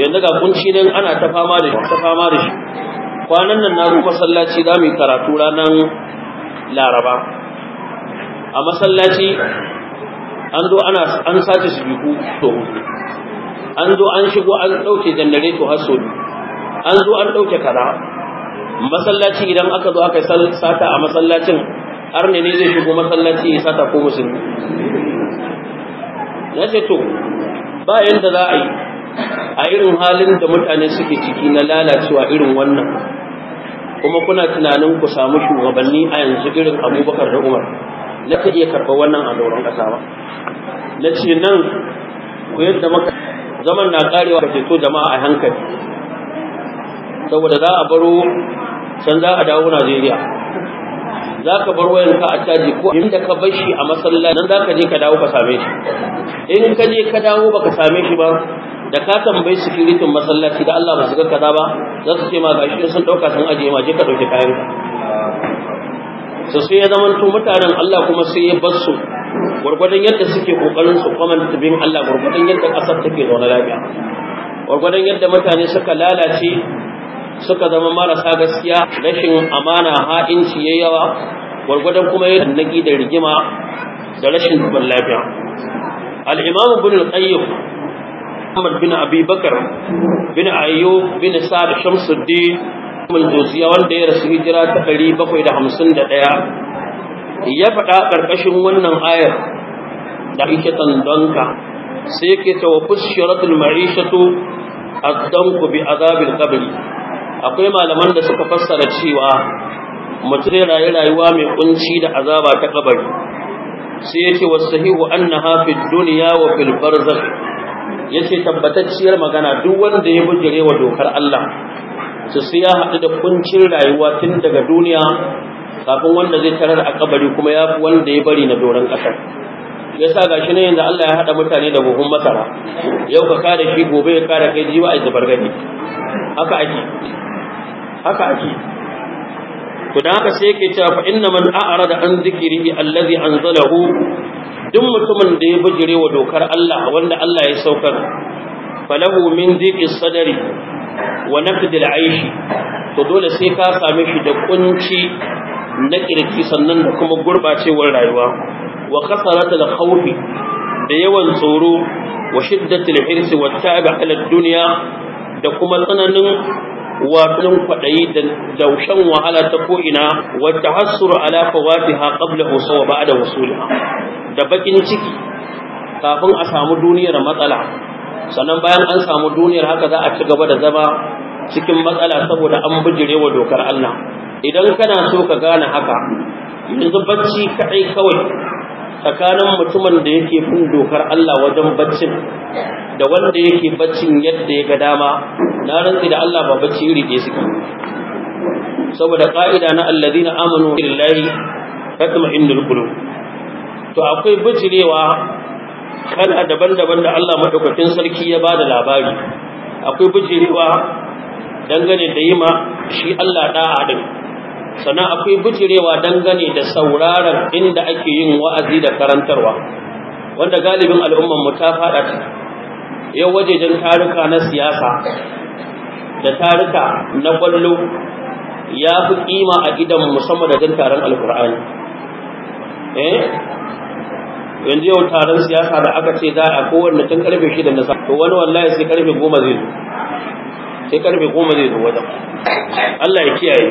yanzu ga kunci nan ana ta fama da ta fama da shi kwanan nan na zo masallaci za mu yi karatu ranar laraba a masallaci an zo ana an sace shi biyu to an zo an shigo an ɗauke janareto har so an zo an ɗauke kaza masallaci idan aka zo aka sata a masallacin har ne zai shigo masallaci ya sata ko musulmi na ce to ba yadda za a yi a irin halin da mutane suke ciki na lalacewa irin wannan kuma kuna tunanin ku samu shugabanni a yanzu irin abubakar da umar na ka iya karɓar wannan a doron ƙasa ba na ce nan ku yadda maka zaman na ƙarewa ka ceto jama'a a hankali saboda za a baro can za a dawo najeriya za ka bar wayanka a caji ko inda ka bar shi a masallaci nan za ka je ka dawo ka same shi in ka je ka dawo baka same shi ba da ka tambayi sikiritin masallaci da Allah ba su ga kaza ba za su ce ma gashi sun ɗauka, sun ajiye ma je ka ɗauki kayan ka su sai ya zamanto mutanen Allah kuma sai ya bar su gwargwadon yadda suke kokarin su kwamanta bin Allah gwargwadon yadda ƙasar take zaune lafiya gwargwadon yadda mutane suka lalace suka zama marasa gaskiya rashin amana ha'inci ya yawa gwargwadon kuma ya naki da rigima da rashin duban lafiya al-imam ibn al-qayyim Ahmad bin Abi Bakar bin Ayyub bin Sa'd Shamsuddin al-Jawziya wanda ya rasu hijira ta ɗaya ya faɗa ƙarƙashin wannan ayar da ake tandonka sai yake cewa fushiratul ma'ishatu addanku bi azabil qabri akwai malaman da suka fassara cewa mutum ya rayuwa mai kunci da azaba ta kabari sai yace sahihu annaha fid dunya wa fil barzakh yace tabbatacciyar magana duk wanda ya bujire wa dokar Allah Su siya ya haɗu da kuncin rayuwa tun daga duniya kafin wanda zai tarar a kabari kuma ya fi wanda ya bari na doron ƙasar ya sa ga shi ne yanzu Allah ya haɗa mutane da buhun masara yau ka kada shi gobe ya kada kai jiwa a zubar gani haka ake haka ake to da haka sai yake cewa fa inna man a'rada an zikiri allazi anzalahu duk mutumin da ya bijirewa dokar Allah wanda Allah ya saukar falahu min dhiqi sadri wa nafdil aishi to dole sai ka same shi da kunci na kirki sannan da kuma gurbacewar rayuwa wa al khawfi da yawan tsoro wa al hirs wa ta'ab ala dunya da kuma tsananin wafin kwaɗayi da shan wahala ta ko'ina wa tahassur ala fawatiha qabla husa wa ba'da wusuliha da bakin ciki kafin a samu duniyar matsala sannan bayan an samu duniyar haka za a ci gaba da zama cikin matsala saboda an wa dokar Allah idan kana so ka gane haka yanzu bacci kaɗai kawai tsakanin mutumin da yake bin dokar Allah wajen baccin da wanda yake baccin yadda ya ga dama na rantsi da Allah ba bacci iri ɗaya suke saboda ƙa'ida na alladhina amanu billahi tatma'innul qulub to akwai bijirewa kala daban-daban da Allah madaukakin sarki ya bada labari akwai bijirewa dangane da yima shi Allah da'a sannan akwai bijirewa dangane da sauraron inda ake yin wa'azi da karantarwa wanda galibin al'umman mu ta fada yau wajejen taruka na siyasa da taruka na kwallo ya fi kima a gidan musamman da jin taron alkur'ani eh yanzu yau taron siyasa da aka ce za a kowanne tun karfe shida na sa to wani wallahi sai karfe goma zai zo sai karfe goma zai zo wajen Allah ya kiyaye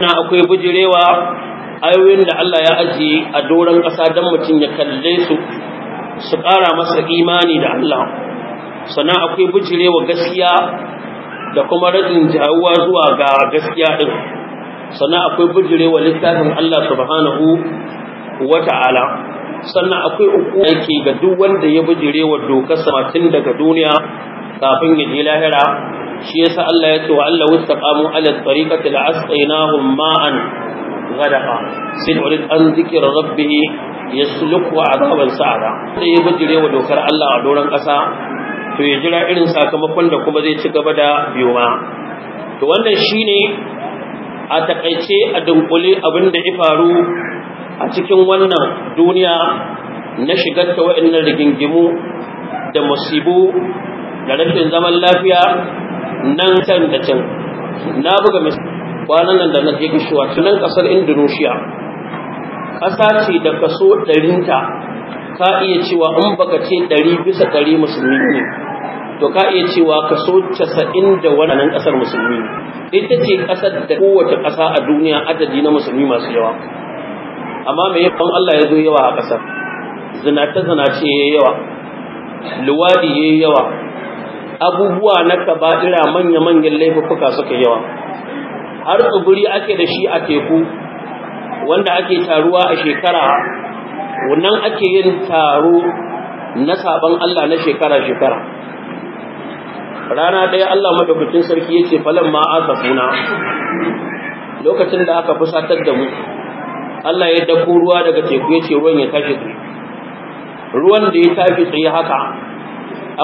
na akwai bujirewa ayoyin da Allah ya ajiye a doron ƙasa don mutum ya kalle su su ƙara masa imani da Allah sannan akwai bujirewa gaskiya da kuma rajin jawuwa zuwa ga gaskiya ɗin sannan akwai bujirewa littafin Allah subhanahu wa ta'ala sannan akwai uku yake ga duk wanda ya bijire wa dokar sama tun daga duniya kafin ya je lahira shi yasa Allah ya ce wa Allah wastaqamu ala tariqati la asqainahum ma'an ghadaqa sai ulil an zikra rabbih yasluku adaban sa'ada sai ya bijire wa dokar Allah a doron kasa to ya jira irin sakamakon da kuma zai ci gaba da biyoma to wannan shine a takaice a dunkule abin da ya faru a cikin wannan duniya na shigar ta wa'annan rigingimu da musibu da rashin zaman lafiya nan can da can na buga kwanan nan da na je gishuwa tunan kasar indonesia ƙasa ce da kaso ɗarinta ka iya cewa in baka ce ɗari bisa ɗari musulmi ne to ka iya cewa kaso casa'in da wani nan ƙasar musulmi ita ce ƙasar da kowace ƙasa a duniya adadi na musulmi masu yawa amma me yafi Allah ya zo yawa a ƙasar zinata-zinata zinace ya yawa luwadi ya yawa abubuwa na kaba'ira manya-manyan laifuka suka yawa har tsibiri ake da shi a teku wanda ake taruwa a shekara wannan ake yin taro na saban Allah na shekara-shekara rana ɗaya Allah madaukakin sarki ya ce falon suna lokacin da aka fusatar da mu Allah ya dako ruwa daga teku ya ce ruwan ya tashi tsaye ruwan da ya tashi tsaye haka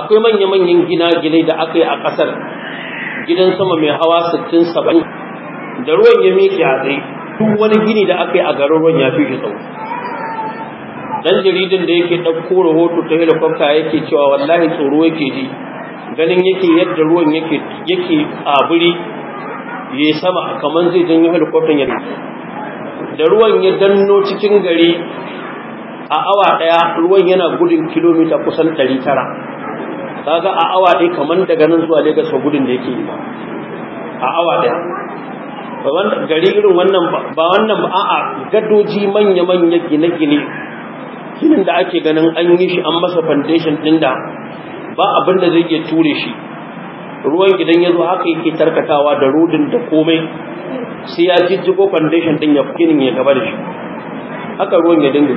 akwai manya-manyan gina gine da aka yi a ƙasar gidan sama mai hawa 60-70 da ruwan ya miƙe a tsaye duk wani gini da aka yi a garin ruwan ya fi shi tsawo dan jaridin da yake ɗauko rahoto ta helikwafta yake cewa wallahi tsoro yake ji ganin yake yadda ruwan yake yake aburi ya sama kamar zai janyo helikwaftan ya da ruwan ya danno cikin gari a awa ɗaya ruwan yana gudun kilomita kusan 900 kaga a awa ɗaya kamar daga nan zuwa Lagos ba gudun da yake yi ba a awa ɗaya gari irin wannan ba wannan ba a'a gadoji manya-manya gine-gine ginin da ake ganin an yi shi an masa foundation din da ba abin da zai iya ture shi ruwan gidan ya zo haka yake tarkatawa da rudin da komai sai ya jijjigo foundation din ya ginin ya gaba da shi haka ruwan ya dinga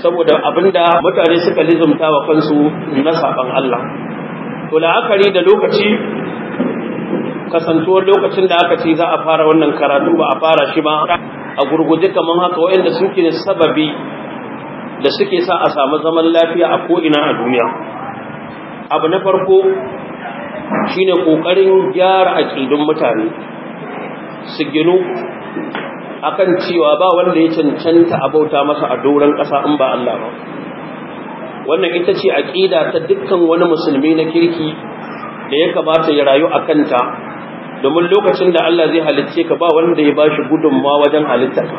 saboda abinda mutane suka lizumta wa kansu na saban Allah to la'akari da lokaci kasantuwar lokacin da aka ce za a fara wannan karatu ba a fara shi ba a gurguje kamar haka waɗanda suke sababi da suke sa a samu zaman lafiya a ko'ina a duniya abu na farko Shi ne ƙoƙarin gyara a ƙidun mutane su a kan cewa ba wanda ya cancanta a bauta masa a doron ƙasa in ba Allah ba wannan ita ce a ƙida ta dukkan wani musulmi na kirki da ya kamata ya rayu a kanta domin lokacin da Allah zai halicce ka ba wanda ya bashi gudunmawa wajen halitta ka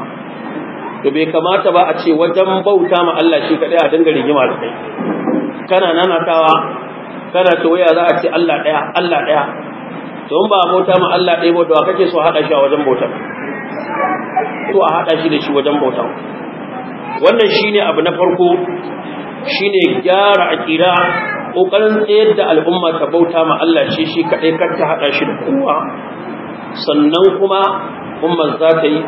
to bai kamata ba a ce wajen bauta ma Allah shi kaɗai a dinga rigima da kai kana nanatawa kana ta waya za a ce Allah ɗaya Allah ɗaya to in ba bauta ma Allah ɗaya ba dawa kake so haɗa shi a wajen bauta to a haɗa shi da shi wajen bauta wannan shine abu na farko shine gyara aqida kokarin tsayar da al'umma ta bauta ma Allah shi shi kaɗai kar ta haɗa shi da kowa sannan kuma umma za ta yi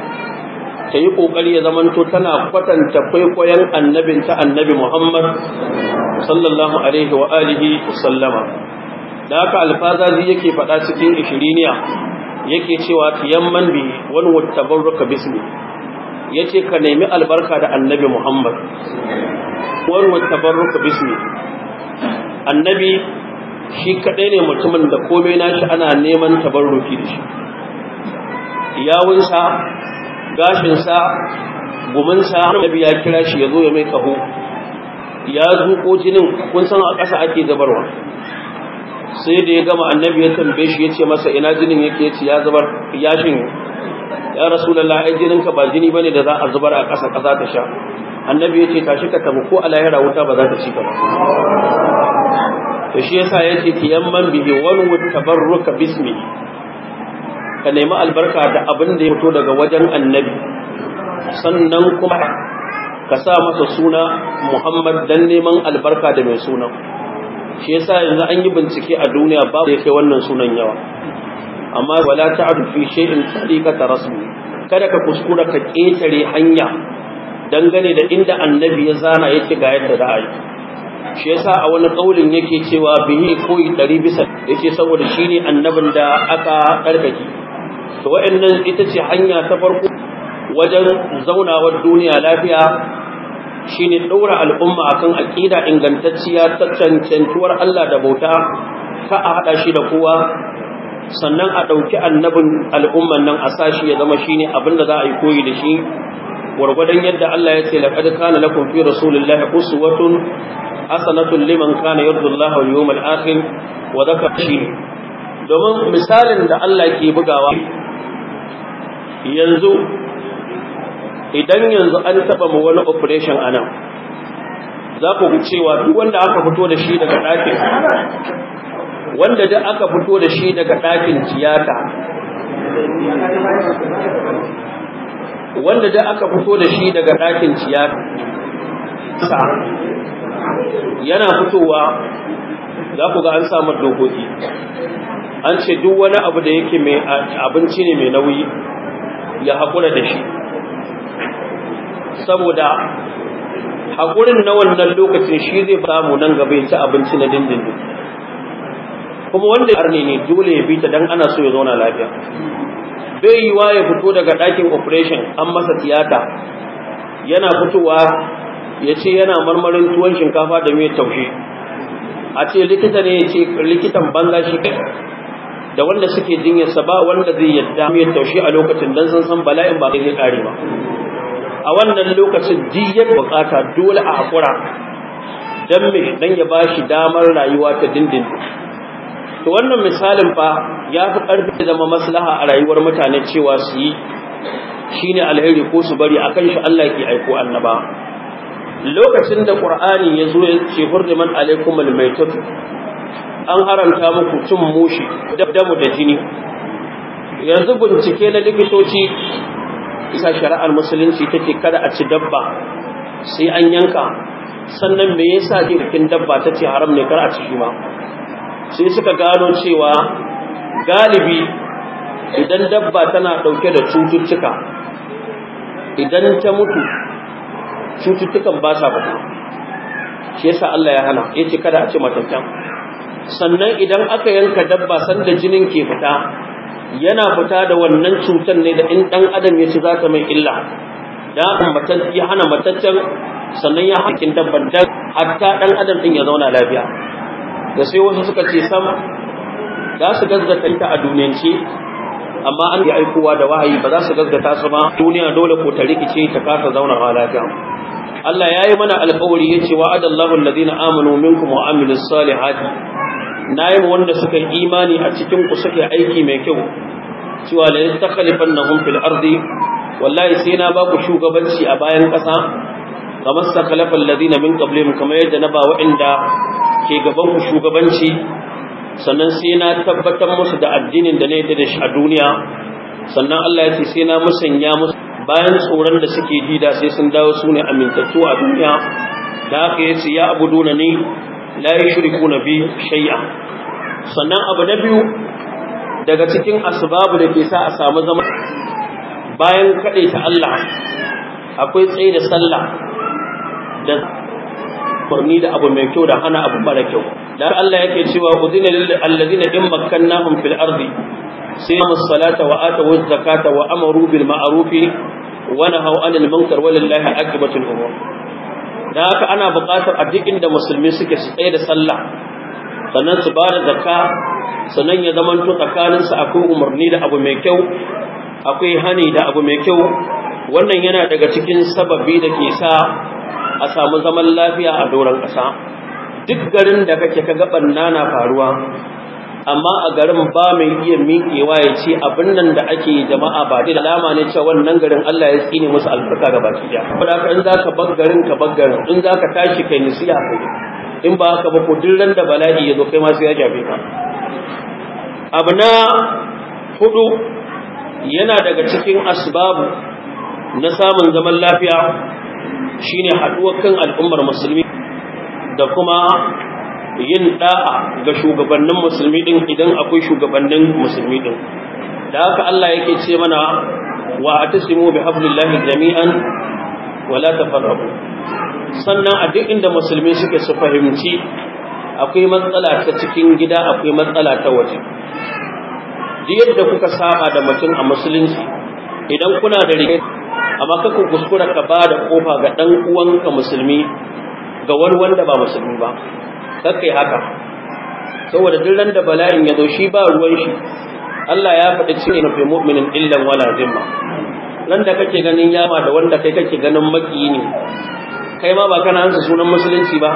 ta yi ƙoƙari ya zamanto tana kwatanta kwaikwayon annabinta annabi Muhammad sallallahu alaihi wa alihi wasallama da haka alfazazi yake faɗa cikin ishiriniya yake cewa tiyamman bi wal wattabarruka bismi yace ka nemi albarka da annabi Muhammad wal wattabarruka bismi annabi shi kadai ne mutumin da komai nashi ana neman tabarruki da shi yawunsa gashinsa guminsa annabi ya kira shi yazo ya mai kaho ya zuƙo jinin kun san a ƙasa ake zabarwa sai da ya gama annabi ya tambaye shi ya ce masa ina jinin yake ya ce ya zubar ya shin ya rasulullah ai jinin ka ba jini bane da za a zubar a ƙasa ƙasa ta sha annabi ya ce tashi ka tabu ko a lahira wuta ba za ta ci ka ba to shi yasa ya ce man bihi wani tabarruka bismi ka nemi albarka da abin da ya fito daga wajen annabi sannan kuma ka sa masa suna Muhammad dan neman albarka da mai suna shi yasa yanzu an yi bincike a duniya babu da kai wannan sunan yawa amma wala ta'rif fi shay'in tariqa rasmi kada ka kuskura ka ketare hanya dangane da inda annabi ya zana yake ga yadda za a yi shi yasa a wani kaulin yake cewa bihi koyi ɗari bisa yace saboda shine annabin da aka karkake to wa'annan ita ce hanya ta farko wajen zaunawar duniya lafiya ne ɗaura al'umma akan aƙida ingantacciya ta cancantuwar Allah da bauta ka a haɗa shi da kowa sannan a ɗauki annabin al'umman nan a sashi ya zama shine abin da za a yi koyi da shi gwargwadon yadda Allah ya ce laqad kana lakum fi rasulillahi uswatun hasanatun liman kana yarjullaha wal yawmal akhir wa dhakara shine domin misalin da Allah ke bugawa yanzu idan yanzu an taba mu wani operation anan za ku cewa duk wanda aka fito da shi daga ɗakin wanda duk aka fito da shi daga ɗakin tiyata wanda duk aka fito da shi daga ɗakin ciyar sa yana fitowa za ku ga an samu dokoki an ce duk wani abu da yake mai abinci ne mai nauyi ya haƙura da shi saboda haƙurin na wannan lokacin shi zai ba mu nan gaba ya ci abinci na dindindin kuma wanda arne ne dole ya bita dan ana so ya zauna lafiya bai yiwa ya fito daga ɗakin operation an masa tiyata yana fitowa ya ce yana marmarin tuwon shinkafa da mai taushe a ce likita ne ya ce likitan banza shi da wanda suke jinyarsa ba wanda zai yadda mai taushe a lokacin don san san bala'in ba zai ƙare ba a wannan lokacin diyyar bukata dole a haƙura Dan me don ya ba shi damar rayuwa ta dindin to wannan misalin fa ya fi ƙarfi zama maslaha a rayuwar mutane cewa su yi shine alheri ko su bari akan shi Allah ke aiko annaba lokacin da qur'ani ya zo ya ce hurriman alaikum almaytut an haramta muku cin mushi dabdamu da jini yanzu bincike na likitoci isa shari'ar musulunci take kada a ci dabba sai an yanka sannan me yasa jirgin dabba ta ce haram ne kar a ci shi ma sai suka gano cewa galibi idan dabba tana ɗauke da cututtuka idan ta mutu cututtukan ba sa fita shi yasa Allah ya hana yace kada a ci matattan sannan idan aka yanka dabba sanda jinin ke fita yana fita da wannan cutar ne da in ɗan adam ya ci za mai illa da ya hana mataccen sannan ya hakin dabban dan hatta ɗan adam ɗin ya zauna lafiya da sai wasu suka ce sam za su gazgata ta a duniyance amma an yi aikowa da wahayi ba za su gazgata su ba duniya dole ko ta rikice ta kasa zauna a lafiya Allah ya yi mana alƙawari ya ce wa'adallahu alladhina amanu minkum wa amilus salihati na yi wanda suka yi imani a cikin ku suka aiki mai kyau cewa la yastakhlifan nahum fil ardi wallahi sai na ba ku shugabanci a bayan ƙasa kamar sakhalafal ladina min kamar yadda na ba wa'inda ke gaban ku shugabanci sannan sai na tabbatar musu da addinin da na yi da shi a duniya sannan Allah ya ce sai na musanya musu bayan tsoron da suke jida sai sun dawo su ne amintattu a duniya da haka ya ce ya abu duna ni la yushrikuna bi shay'a sannan abu na biyu daga cikin asibabu da ke sa a samu zama bayan kaɗai ta Allah akwai tsaye da sallah da kurni da abu mai kyau da hana abu mara kyau da Allah yake cewa udina lil alladhina in makkannahum fil sai simu salata wa atu zakata wa amaru bil ma'ruf wa nahaw anil munkar walillahi aqibatul umur da haka ana buƙatar a duk inda musulmi suke su tsaye da sallah sannan su ba da zakka sannan ya tsakanin su akwai umarni da abu mai kyau akwai hani da abu mai kyau wannan yana daga cikin sababi da ke sa a samu zaman lafiya a doron ƙasa duk garin da kake ka banna na faruwa amma a garin ba mai iya miƙewa ya ce abin nan da ake jama'a ba dai alama ne cewa wannan garin Allah ya tsine musu albarka ga baki daya kuma haka in zaka bar garin ka bar garin in zaka tashi kai ni, siya kai in ba haka ba ko duk da bala'i ya zo kai ma sai ya jabe ka abu na hudu yana daga cikin asbabu na samun zaman lafiya shine haduwar kan al'ummar musulmi da kuma yin da'a ga shugabannin musulmi din idan akwai shugabannin musulmi din da haka Allah yake ce mana wa atasimu bi hablillahi jami'an wa la tafarraqu sannan a duk inda musulmi suke su fahimci akwai matsala ta cikin gida akwai matsala ta waje duk yadda kuka saba da mutum a musulunci idan kuna da rike amma kakan kuskura ka ba da kofa ga dan uwanka musulmi ga wani wanda ba musulmi ba yi haka saboda duk da bala'in ya zo shi ba ruwan shi Allah ya faɗi cin na fi mu'minin illan wala zimma nan da kake ganin yama da wanda kai kake ganin maki ne kai ma ba kana ansa sunan musulunci ba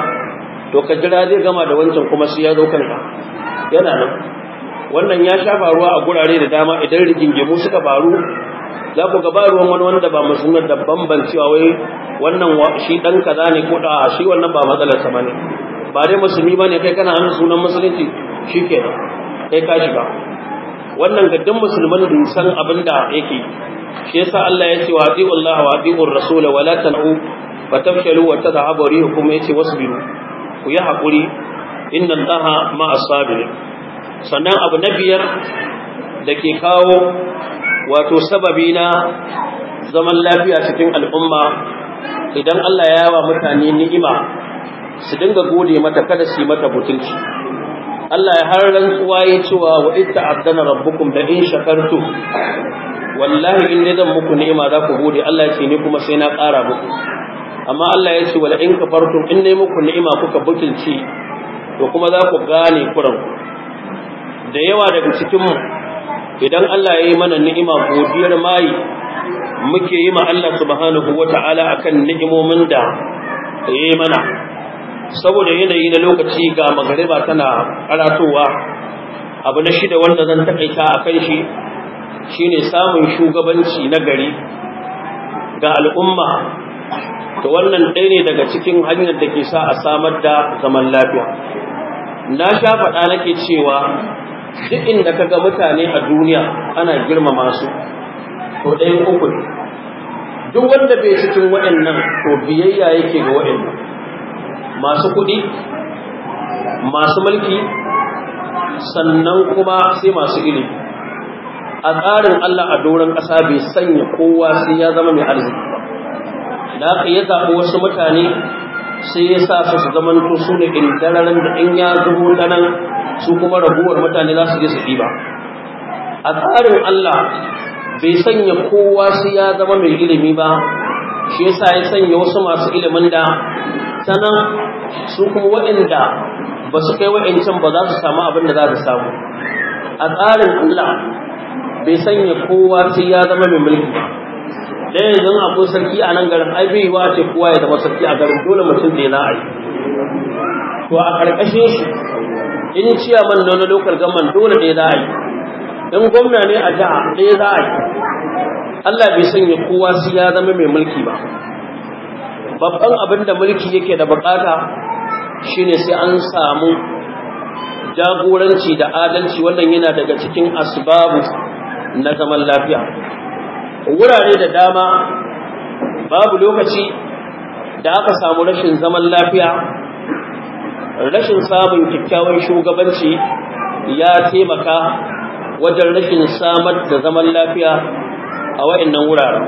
to ka jira zai gama da wancan kuma sai ya zo kanka yana nan wannan ya sha faruwa a gurare da dama idan rigingimu suka faru za ku gaba ruwan wani wanda ba musulmi da bambancewa wai wannan shi dan kaza ne ko da shi wannan ba matsalar sa bane ba dai musulmi ba ne kai kana hannun sunan musulunci shi ke kai ka shiga wannan ga duk musulman da san abin da yake shi yasa Allah ya ce wa ati'u Allah wa ati'u Rasul wa la tan'u wa tafshalu wa tadhabu rihukum yace wasbiru ku yi hakuri inna Allah ma asabirin sannan abu na biyar da ke kawo wato sababi na zaman lafiya cikin al'umma idan Allah ya yawa mutane ni'ima su dinga gode mata kada su yi mata mutunci Allah ya har rantsuwa ya cewa wa idda azana rabbukum da in shakartu wallahi in zan muku ni'ima za ku gode Allah ya ce ni kuma sai na ƙara muku amma Allah ya ce wala in kafartum in nayi muku ni'ima kuka butulci to kuma za ku gane kuran da yawa daga cikin mu idan Allah ya yi mana ni'ima godiyar mai muke yi ma Allah subhanahu wata'ala akan ni'imomin da ya yi mana saboda yanayi na lokaci ga magariba tana karatowa abu na shida wanda zan takaita a kan shi shine samun shugabanci na gari ga al'umma to wannan ɗaya ne daga cikin hanyar da ke sa a samar da zaman lafiya na sha faɗa nake cewa duk inda ka ga mutane a duniya ana girmama su to ɗayan uku duk wanda bai cikin waɗannan to biyayya yake ga waɗannan masu kuɗi masu mulki sannan kuma sai masu ilimi a tsarin Allah a doron ƙasa bai sanya kowa sai ya zama mai arziki ba da haka ya zaɓi wasu mutane sai ya sa su su zamanto su ne indararen da in ya zubo ɗanan su kuma rabuwar mutane za su je su ɗiba a tsarin Allah bai sanya kowa sai ya zama mai ilimi ba shi yasa ya sanya wasu masu ilimin da sanan su kuma waɗanda ba su kai wa'ancan ba za su samu abin da za su samu a tsarin Allah bai sanya kowa sai ya zama mai mulki da yanzu akwai sarki a nan garin ai bai ce kowa ya zama sarki a garin dole mutum da na yi. to a karkashin shi in ciyaman na na local government dole da za a yi in gwamna ne a jiha ɗaya za a yi Allah bai sanya kowa su ya zama mai mulki ba babban abin da mulki yake da bukata shine sai an samu jagoranci da adalci wannan yana daga cikin asbabu na zaman lafiya wurare da dama babu lokaci da aka samu rashin zaman lafiya rashin samun kyakkyawan shugabanci ya taimaka wajen rashin samar da zaman lafiya a wa'annan wuraren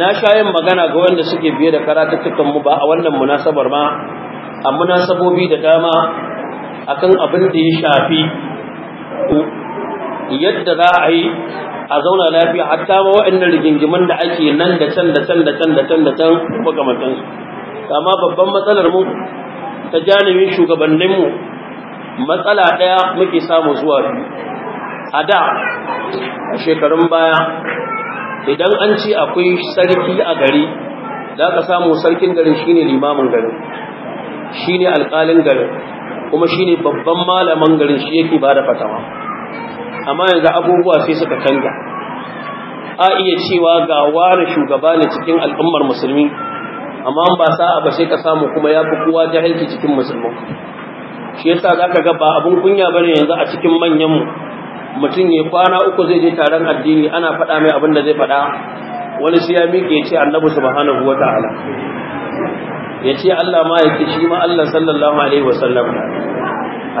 na sha yin magana ga wanda suke biye da karatattukan mu ba a wannan munasabar ma a munasabobi da dama akan abin da ya shafi yadda za a yi a zauna lafiya hatta ma waɗannan rigingimin da ake nan da can da can da can da can da can su amma babban matsalar mu ta janibin shugabanninmu matsala ɗaya muke samu zuwa biyu a da a shekarun baya idan an ce akwai sarki a gari za ka samu sarkin garin shine limamin garin shine alƙalin garin kuma shine babban malaman garin shi yake ba da fatawa amma yanzu abubuwa sai suka canja a iya cewa ga wani shugaba ne cikin al'ummar musulmi amma ba sa'a ba sai ka samu kuma ya fi kowa jahilci cikin musulmi shi yasa za ka ga ba abun kunya bane yanzu a cikin manyanmu mutum ya kwana uku zai je taron addini ana faɗa mai abin da zai faɗa wani sai ya miƙe ce annabi subhanahu wa ta'ala ya ce Allah ma ya ce shi ma Allah sallallahu alaihi wa sallam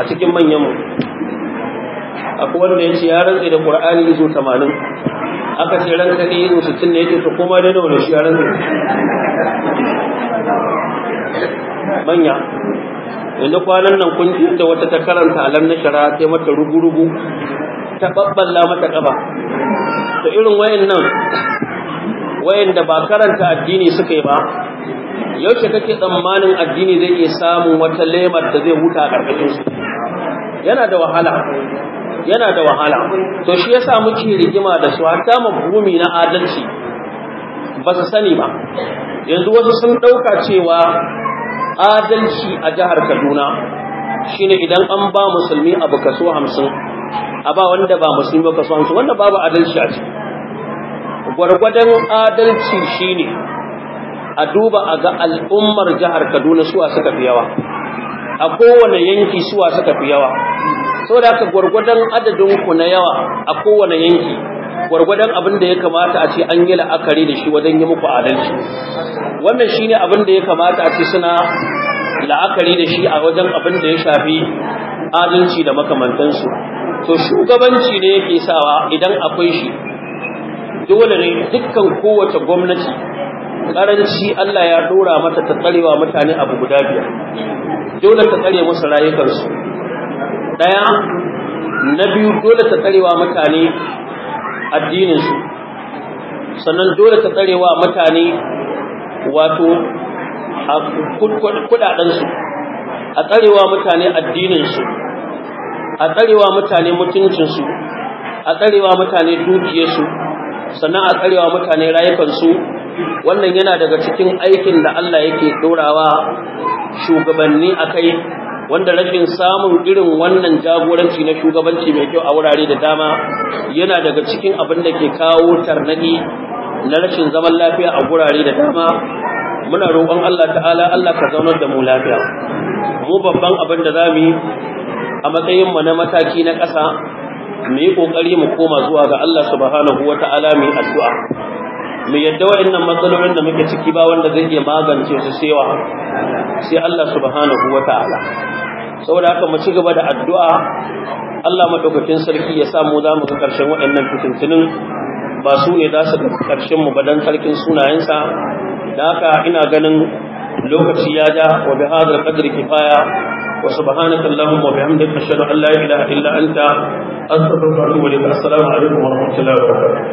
a cikin manyan akwai wanda ya ce ya rantsa da Qur'ani izo 80 aka ce ranka ne izo 60 ne yake to kuma da nawa shi ya rantsa manya yanzu kwanan nan kun ji da wata ta karanta alam na shara sai mata rugu-rugu ta babballa mata kaba to irin wayan nan wayan da ba karanta addini suka yi ba yaushe kake tsammanin addini zai iya samun wata lemar da zai huta a ƙarƙashin yana da wahala yana da wahala to shi yasa muke rigima da su hatta mafhumi na adalci ba su sani ba yanzu wasu sun ɗauka cewa adalci a jihar kaduna shine idan an ba musulmi abu kaso hamsin a ba wanda ba musulmi ka so hansu wannan babu adalci a ciki gwargwadon adalci shine a duba a ga al'ummar jihar Kaduna suwa suka fi yawa a kowane yanki suwa suka fi yawa da, ka gwargwadon adadin ku na yawa a kowane yanki gwargwadon abin da ya kamata a ce an yi la'akari da shi wajen yi muku adalci wannan shine abin da ya kamata a ce suna la'akari da shi a wajen abin da ya shafi adalci da makamantansu to shugabanci ne yake sawa idan akwai shi dole ne dukkan kowace gwamnati karanci Allah ya dora mata ta tsarewa mutane abu guda biyar dole ta tsare musu rayukansu daya na biyu dole ta tsarewa mutane addininsu sannan dole ta tsarewa mutane wato kudadensu a tsarewa mutane addininsu a tsarewa mutane mutuncinsu a tsarewa mutane dukiyarsu sannan a tsarewa mutane rayukansu wannan yana daga cikin aikin da Allah yake ɗorawa shugabanni a kai wanda rashin samun irin wannan jagoranci na shugabanci mai kyau a wurare da dama yana daga cikin abin da ke kawo tarnaɗi na rashin zaman lafiya a wurare da dama muna roƙon Allah ta'ala Allah ka zaunar da mu lafiya mu babban abin da za mu yi a matsayinmu na mataki na ƙasa mu yi ƙoƙari mu koma zuwa ga Allah subhanahu wa ta'ala mu addu'a mu yadda wa'annan matsalolin da muke ciki ba wanda zai iya magance su sewa sai Allah subhanahu wa ta'ala saboda haka mu ci gaba da addu'a Allah madaukakin sarki ya mu za mu ga ƙarshen wa'annan fitintunin ba su ne za su ga ƙarshen mu ba dan sarkin sunayensa da haka ina ganin lokaci ya ja wa bi hadal qadri kifaya وسبحانك اللهم وبحمدك اشهد ان لا اله الا انت استغفرك واتوب السلام عليكم ورحمه الله وبركاته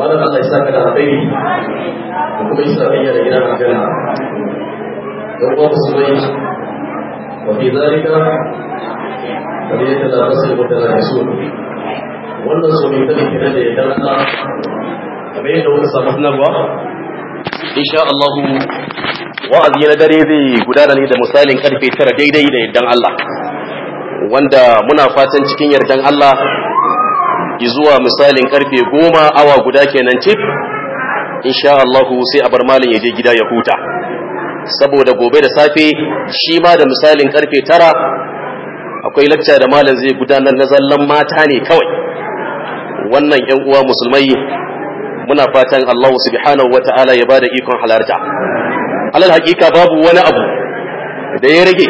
بارك الله يسعدك على طيبه وكم يسعدني على جنان الجنه يرضى بسبيل وفي ذلك قضيه الله بس يقول لك يسوع والله سبحانه وتعالى يتلقى kamar yadda kuka samu sanarwa insha Allah wa'azi na dare zai gudana ne da misalin karfe tara daidai da yardan Allah wanda muna fatan cikin yardan Allah zuwa misalin karfe goma awa guda kenan tip insha Allah sai a bar malin ya je gida ya huta saboda gobe da safe shi ma da misalin karfe tara, akwai lacca da malin zai gudanar na zallan mata ne kawai wannan 'yan uwa musulmai muna fatan Allah subhanahu wa ta'ala ya bada ikon halarta alal hakika babu wani abu da ya rage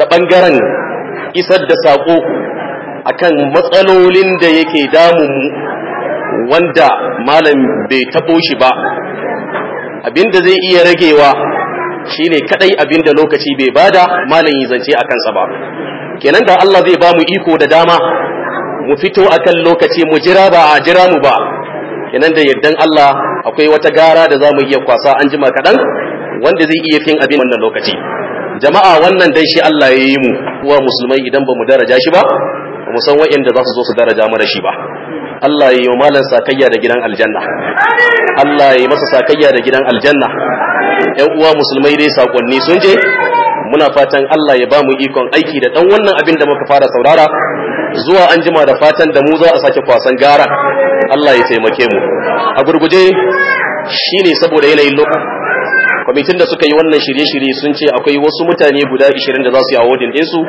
ta bangaren isar da sako akan matsalolin da yake damun wanda malam bai tabo shi ba abinda zai iya ragewa shine kaɗai abinda lokaci bai bada malam yi zance a kansa ba kenan da Allah zai ba mu iko da dama mu fito akan lokaci mu jira ba a jira mu ba kenan da yardan Allah akwai wata gara da zamu iya kwasa an jima kaɗan wanda zai iya fin abin wannan lokaci jama'a wannan dai shi Allah ya yi mu kuwa musulmai idan ba mu daraja shi ba mu san wa'inda za su zo su daraja mana shi ba Allah ya yi wa malan sakayya da gidan aljanna Allah ya yi masa sakayya da gidan aljanna ƴan uwa musulmai dai sakonni sun je muna fatan Allah ya ba mu ikon aiki da dan wannan abin da muka fara saurara zuwa an jima da fatan da mu za a sake kwasan gara Allah ya taimake mu a gurguje shine saboda yanayin lokaci kwamitin da suka yi wannan shirye-shirye sun ce akwai wasu mutane guda 20 da za su yi a wadin ɗinsu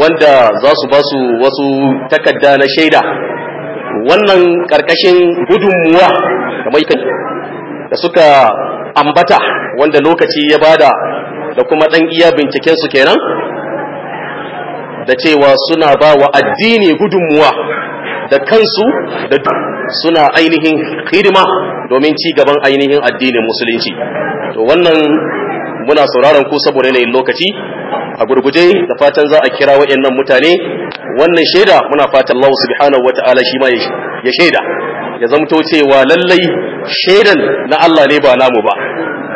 wanda za su ba su wasu takarda na shaida wannan ƙarƙashin gudunmuwa kamar da suka ambata wanda lokaci ya bada da kuma ɗan iya binciken su kenan da cewa suna ba wa addini gudunmuwa da kansu da suna ainihin hidima domin ci gaban ainihin addinin musulunci to wannan muna sauraron ku saboda yanayin lokaci a gurguje da fatan za a kira waɗannan mutane wannan shaida muna fatan Allah subhanahu wata'ala shi ma ya shaida ya zamto cewa lallai shaidan na Allah ne ba namu ba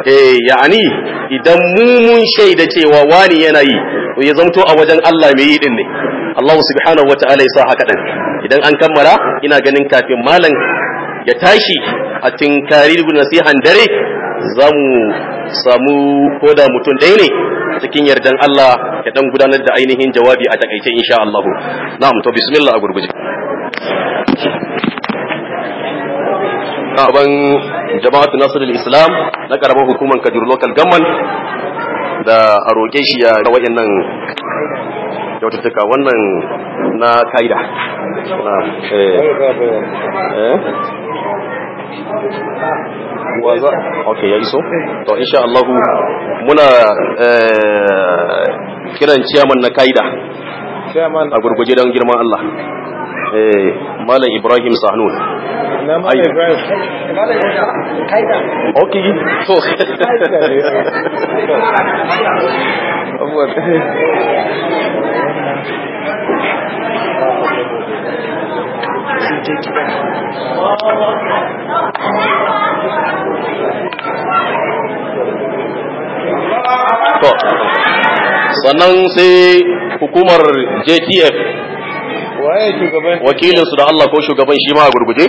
eh yani idan mu mun shaida cewa wani yana yi to ya zamto a wajen Allah mai yi din ne Allah subhanahu wataala ya sa haka din idan an kammala ina ganin kafin malam ya tashi a tinkari nasihan dare za mu samu koda mutum ɗaya ne cikin yardan Allah ya dan gudanar da ainihin jawabi a takaice insha Allah na'am to bismillah a gurguje kaban jama'atu nasirul islam na karamar hukumar kajur local Gamman da a roƙe shi ya ga nan kyaututtuka wannan na kaida eh, eh. waza ok ya iso to insha Allah muna eh, kiran ciyaman na kaida a gurguje don girman Allah Eh, Malam Ibrahim Sahnun. Okay. So. sannan sai hukumar JTF waye shugaban wakilin su da Allah ko shugaban shi ma a gurguje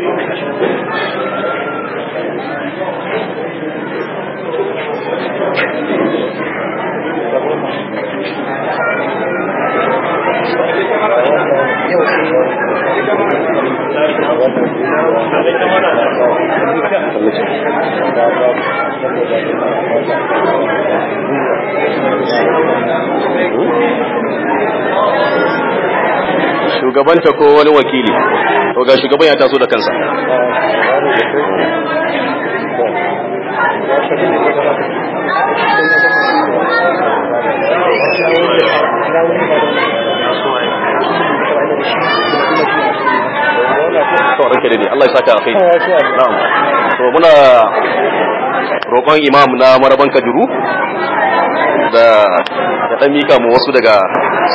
Thank you. shugabanta ko wani wakili to ga shugaban ya taso da kansa Allah ya saka akai na'am to muna roƙon imam na maraban kajuru da ya dan mika mu wasu daga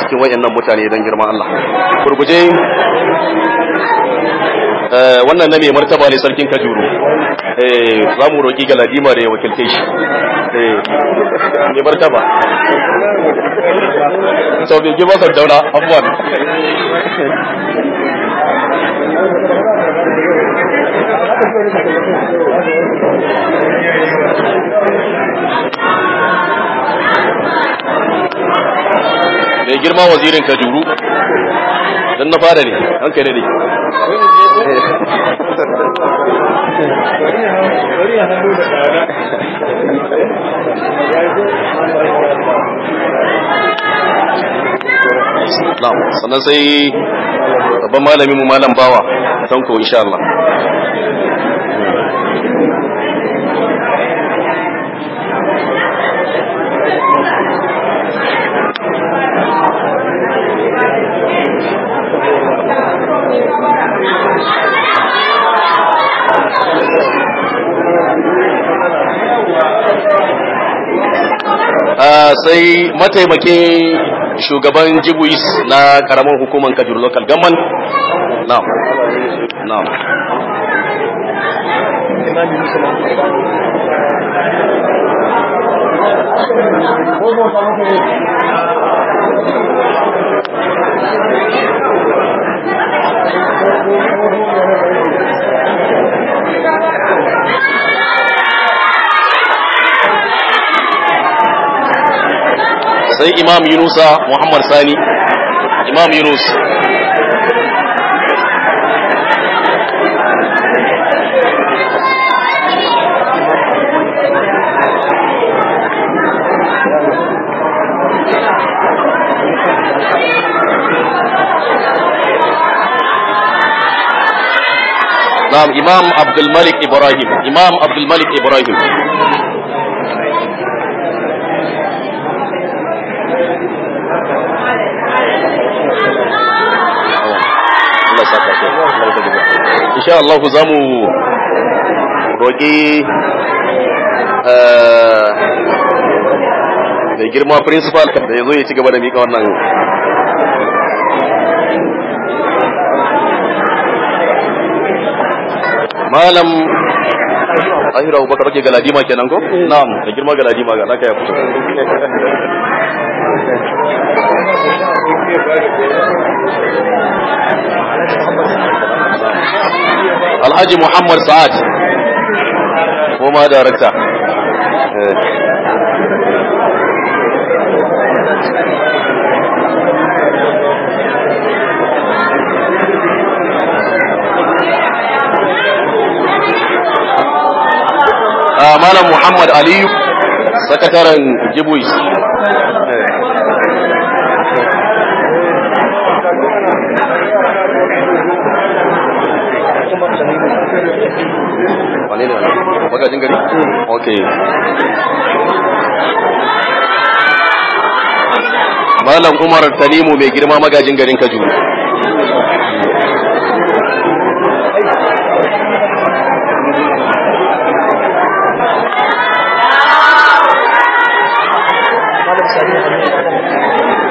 cikin wayannan mutane don girman Allah gurguje eh, wannan na mai martaba ne sarkin kajuru eh, za mu roƙi galadima da ya wakilce shi eh, mai martaba sau bai gima sardauna abuwan Thank you. mai girma wazirin ka juru don na fara ne an kai ne Na'am sannan sai babban malamin mu malam bawa tanko insha Allah Ah, sai mataimakin shugaban jibuis na karamar hukumar kajiru local government na na sai imam yunusa muhammad sani imam yunus نعم إمام عبد الملك إبراهيم إمام عبد الملك إبراهيم Allah za mu roƙi eh, mai girma principal da ya zo ya ci gaba da miƙa wannan malam ahira abubakar ke galadima kenan ko na'am da girma galadima ga naka ya fito Thank you. alhaji muhammad sa'ad ko ma darakta malam muhammad aliyu sakataren jibuis magajin gari mm. Ok. malam umar tanimu mai girma magajin garin Kaju.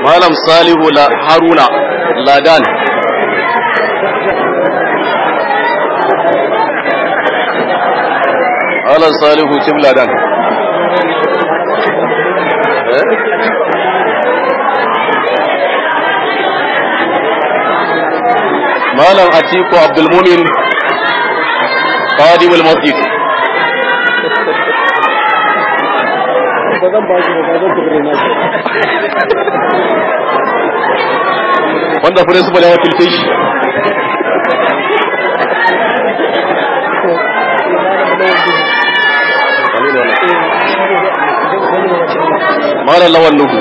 malam salihu haruna ladan malam salihu kim ladan malam atiku abdulmumin qadim al-masjid wanda principal ya filfe shi malam lawan nugu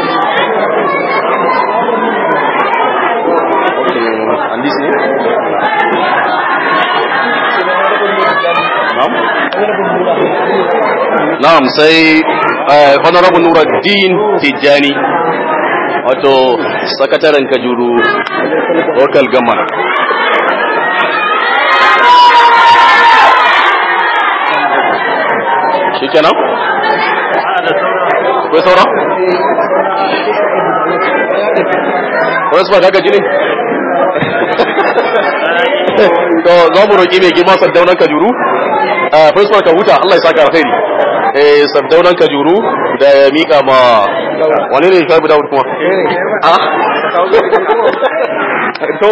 na'am sai eh, honorable nuruddin tijani wato sakataren kajuru local government kenan ko sauran wani sufa gaji ne to za mu roƙi mai girma saddaunan kajuru principal ka huta Allah ya saka alkhairi eh saddaunan kajuru da ya mika ma wani ne shaibu dawud kuma eh, a ah? to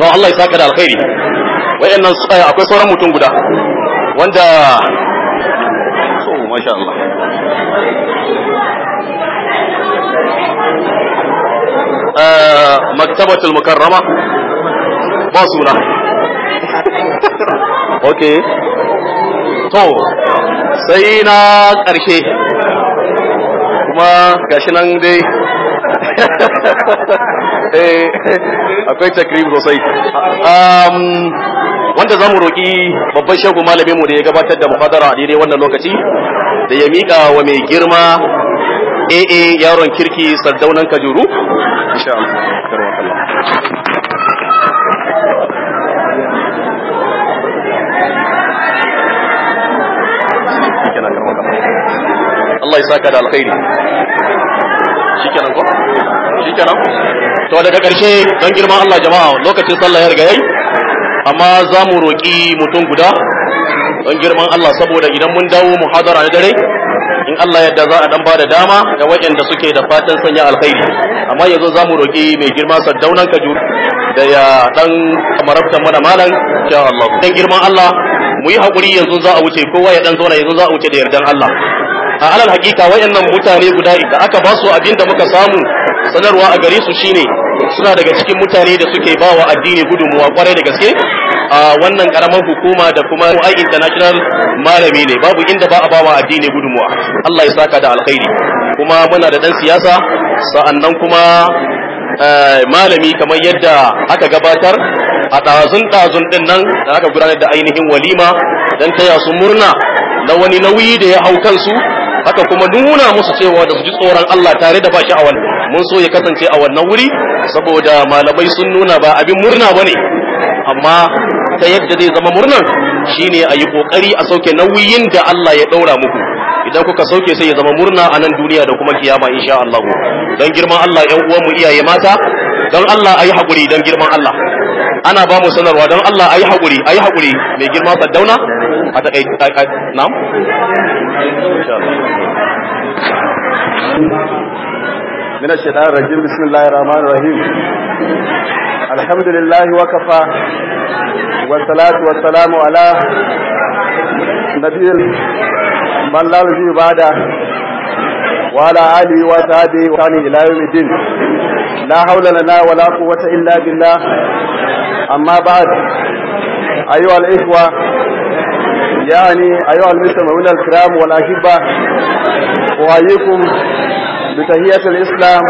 to Allah ya saka da alkhairi wayannan eh, akwai sauran mutum guda wanda so oh, masha Allah eh, maktabatul mukarrama ba suna okay to sai na ƙarshe kuma gashi nan dai eh akwai takrim sosai um, wanda zamu roki babban shagu malamin mu da ya gabatar da muhadara a daidai wannan lokaci da ya mika wa mai girma AA yaron kirki sardaunan Kajuru insha Allah Allah ya saka da alkhairi shikenan ko shikenan to daga karshe don girman Allah jama'a lokacin sallah ya riga yayi amma za mu roƙi mutum guda don girman Allah saboda idan mun dawo muhadara na dare in Allah yadda za a dan ba da dama ga waɗanda suke da fatan sanya alkhairi amma yanzu za mu roƙi mai girma saddaunan kaju da ya dan marabta mana malam insha Allah Don girman Allah mu yi haƙuri yanzu za a wuce kowa ya dan zauna yanzu za a wuce da yardan Allah a alal hakika wayannan mutane guda da aka ba su abin da muka samu sanarwa a gare su shine suna daga cikin mutane da suke ba wa addini gudunmuwa kwarai da gaske a wannan karamar hukuma da kuma ai international malami ne babu inda ba a ba wa addini gudunmuwa Allah ya saka da alkhairi kuma muna da dan siyasa sa'annan kuma eh, malami kamar yadda aka gabatar a ɗazun ɗazun ɗin nan da aka gudanar da ainihin walima don taya su murna na wani nauyi da ya hau kansu haka kuma nuna musu cewa da su ji tsoron Allah tare da ba shi a wannan mun so ya kasance a wannan wuri saboda malamai sun nuna ba abin murna ne. amma ta yadda zai zama murnan shine a yi ƙoƙari a sauke nauyin da Allah ya ɗaura muku idan kuka sauke sai ya zama murna a nan duniya da kuma kiyama insha Allah Don girman Allah ƴan uwan mu iyaye mata don Allah ayi hakuri don girman Allah ana ba mu sanarwa dan Allah ayi hakuri ayi hakuri mai girma sadauna a takai na'am insha Allah من الشيطان الرجيم بسم الله الرحمن الرحيم الحمد لله وكفى والصلاة والسلام على نبي من لا نبي بعده وعلى آله وصحبه وسلم إلى يوم الدين لا حول لنا ولا قوة إلا بالله أما بعد أيها الإخوة يعني أيها المستمعون الكرام والأحبة أحييكم بتحية الإسلام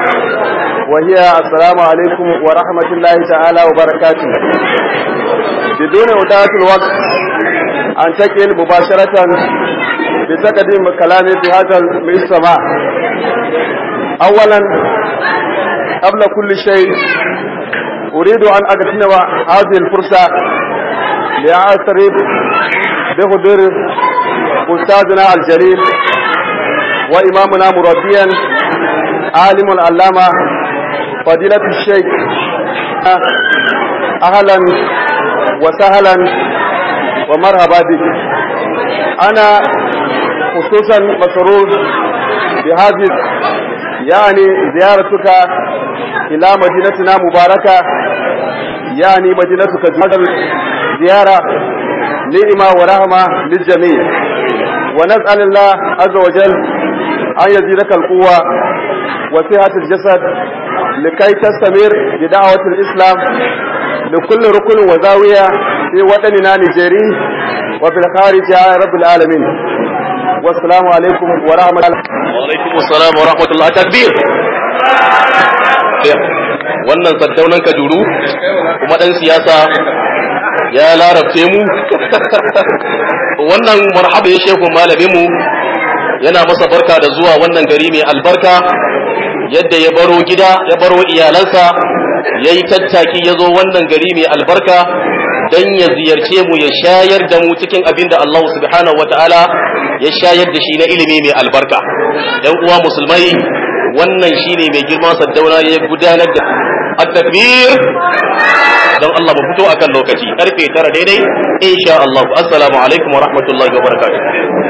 وهي السلام عليكم ورحمة الله تعالى وبركاته بدون إضاعة الوقت أنتقل مباشرة بتقديم كلامي في هذا المجتمع أولا قبل كل شيء أريد أن أغتنم هذه الفرصة لأعترف بحضور أستاذنا الجليل وإمامنا مربيا عالم العلامة فضيلة الشيخ أهلا وسهلا ومرحبا بك أنا خصوصا مسرور بهذه يعني زيارتك إلى مدينتنا مباركة يعني مدينتك زيارة ni'ima wa rahma lil jami' wa nas'al Allah azza wa jal an yazidaka al quwwa wa sihat al jasad likai tastamir bi da'wati al islam li kulli rukun wa zawiya fi wadanina nijeri wa fil kharij ya rabbul alamin والسلام عليكم ورحمة الله وعليكم السلام ورحمة الله تكبير wannan saddaunan kajuru kuma ɗan siyasa ya larabce mu wannan marhaba ya shehu yana masa barka da zuwa wannan gari mai albarka yadda ya baro gida ya baro iyalansa ya yi tattaki ya zo wannan gari mai albarka don ya ziyarce mu ya shayar da mu cikin abin da Allah subhanahu wa ta'ala ya shayar da shi na ilimi mai albarka ‘yan uwa musulmai wannan shi ne mai girma sadauna ya gudanar da at-takbir dan Allah ba fito akan lokaci karfe 9 daidai insha assalamu alaikum wa rahmatullahi wa barakatuh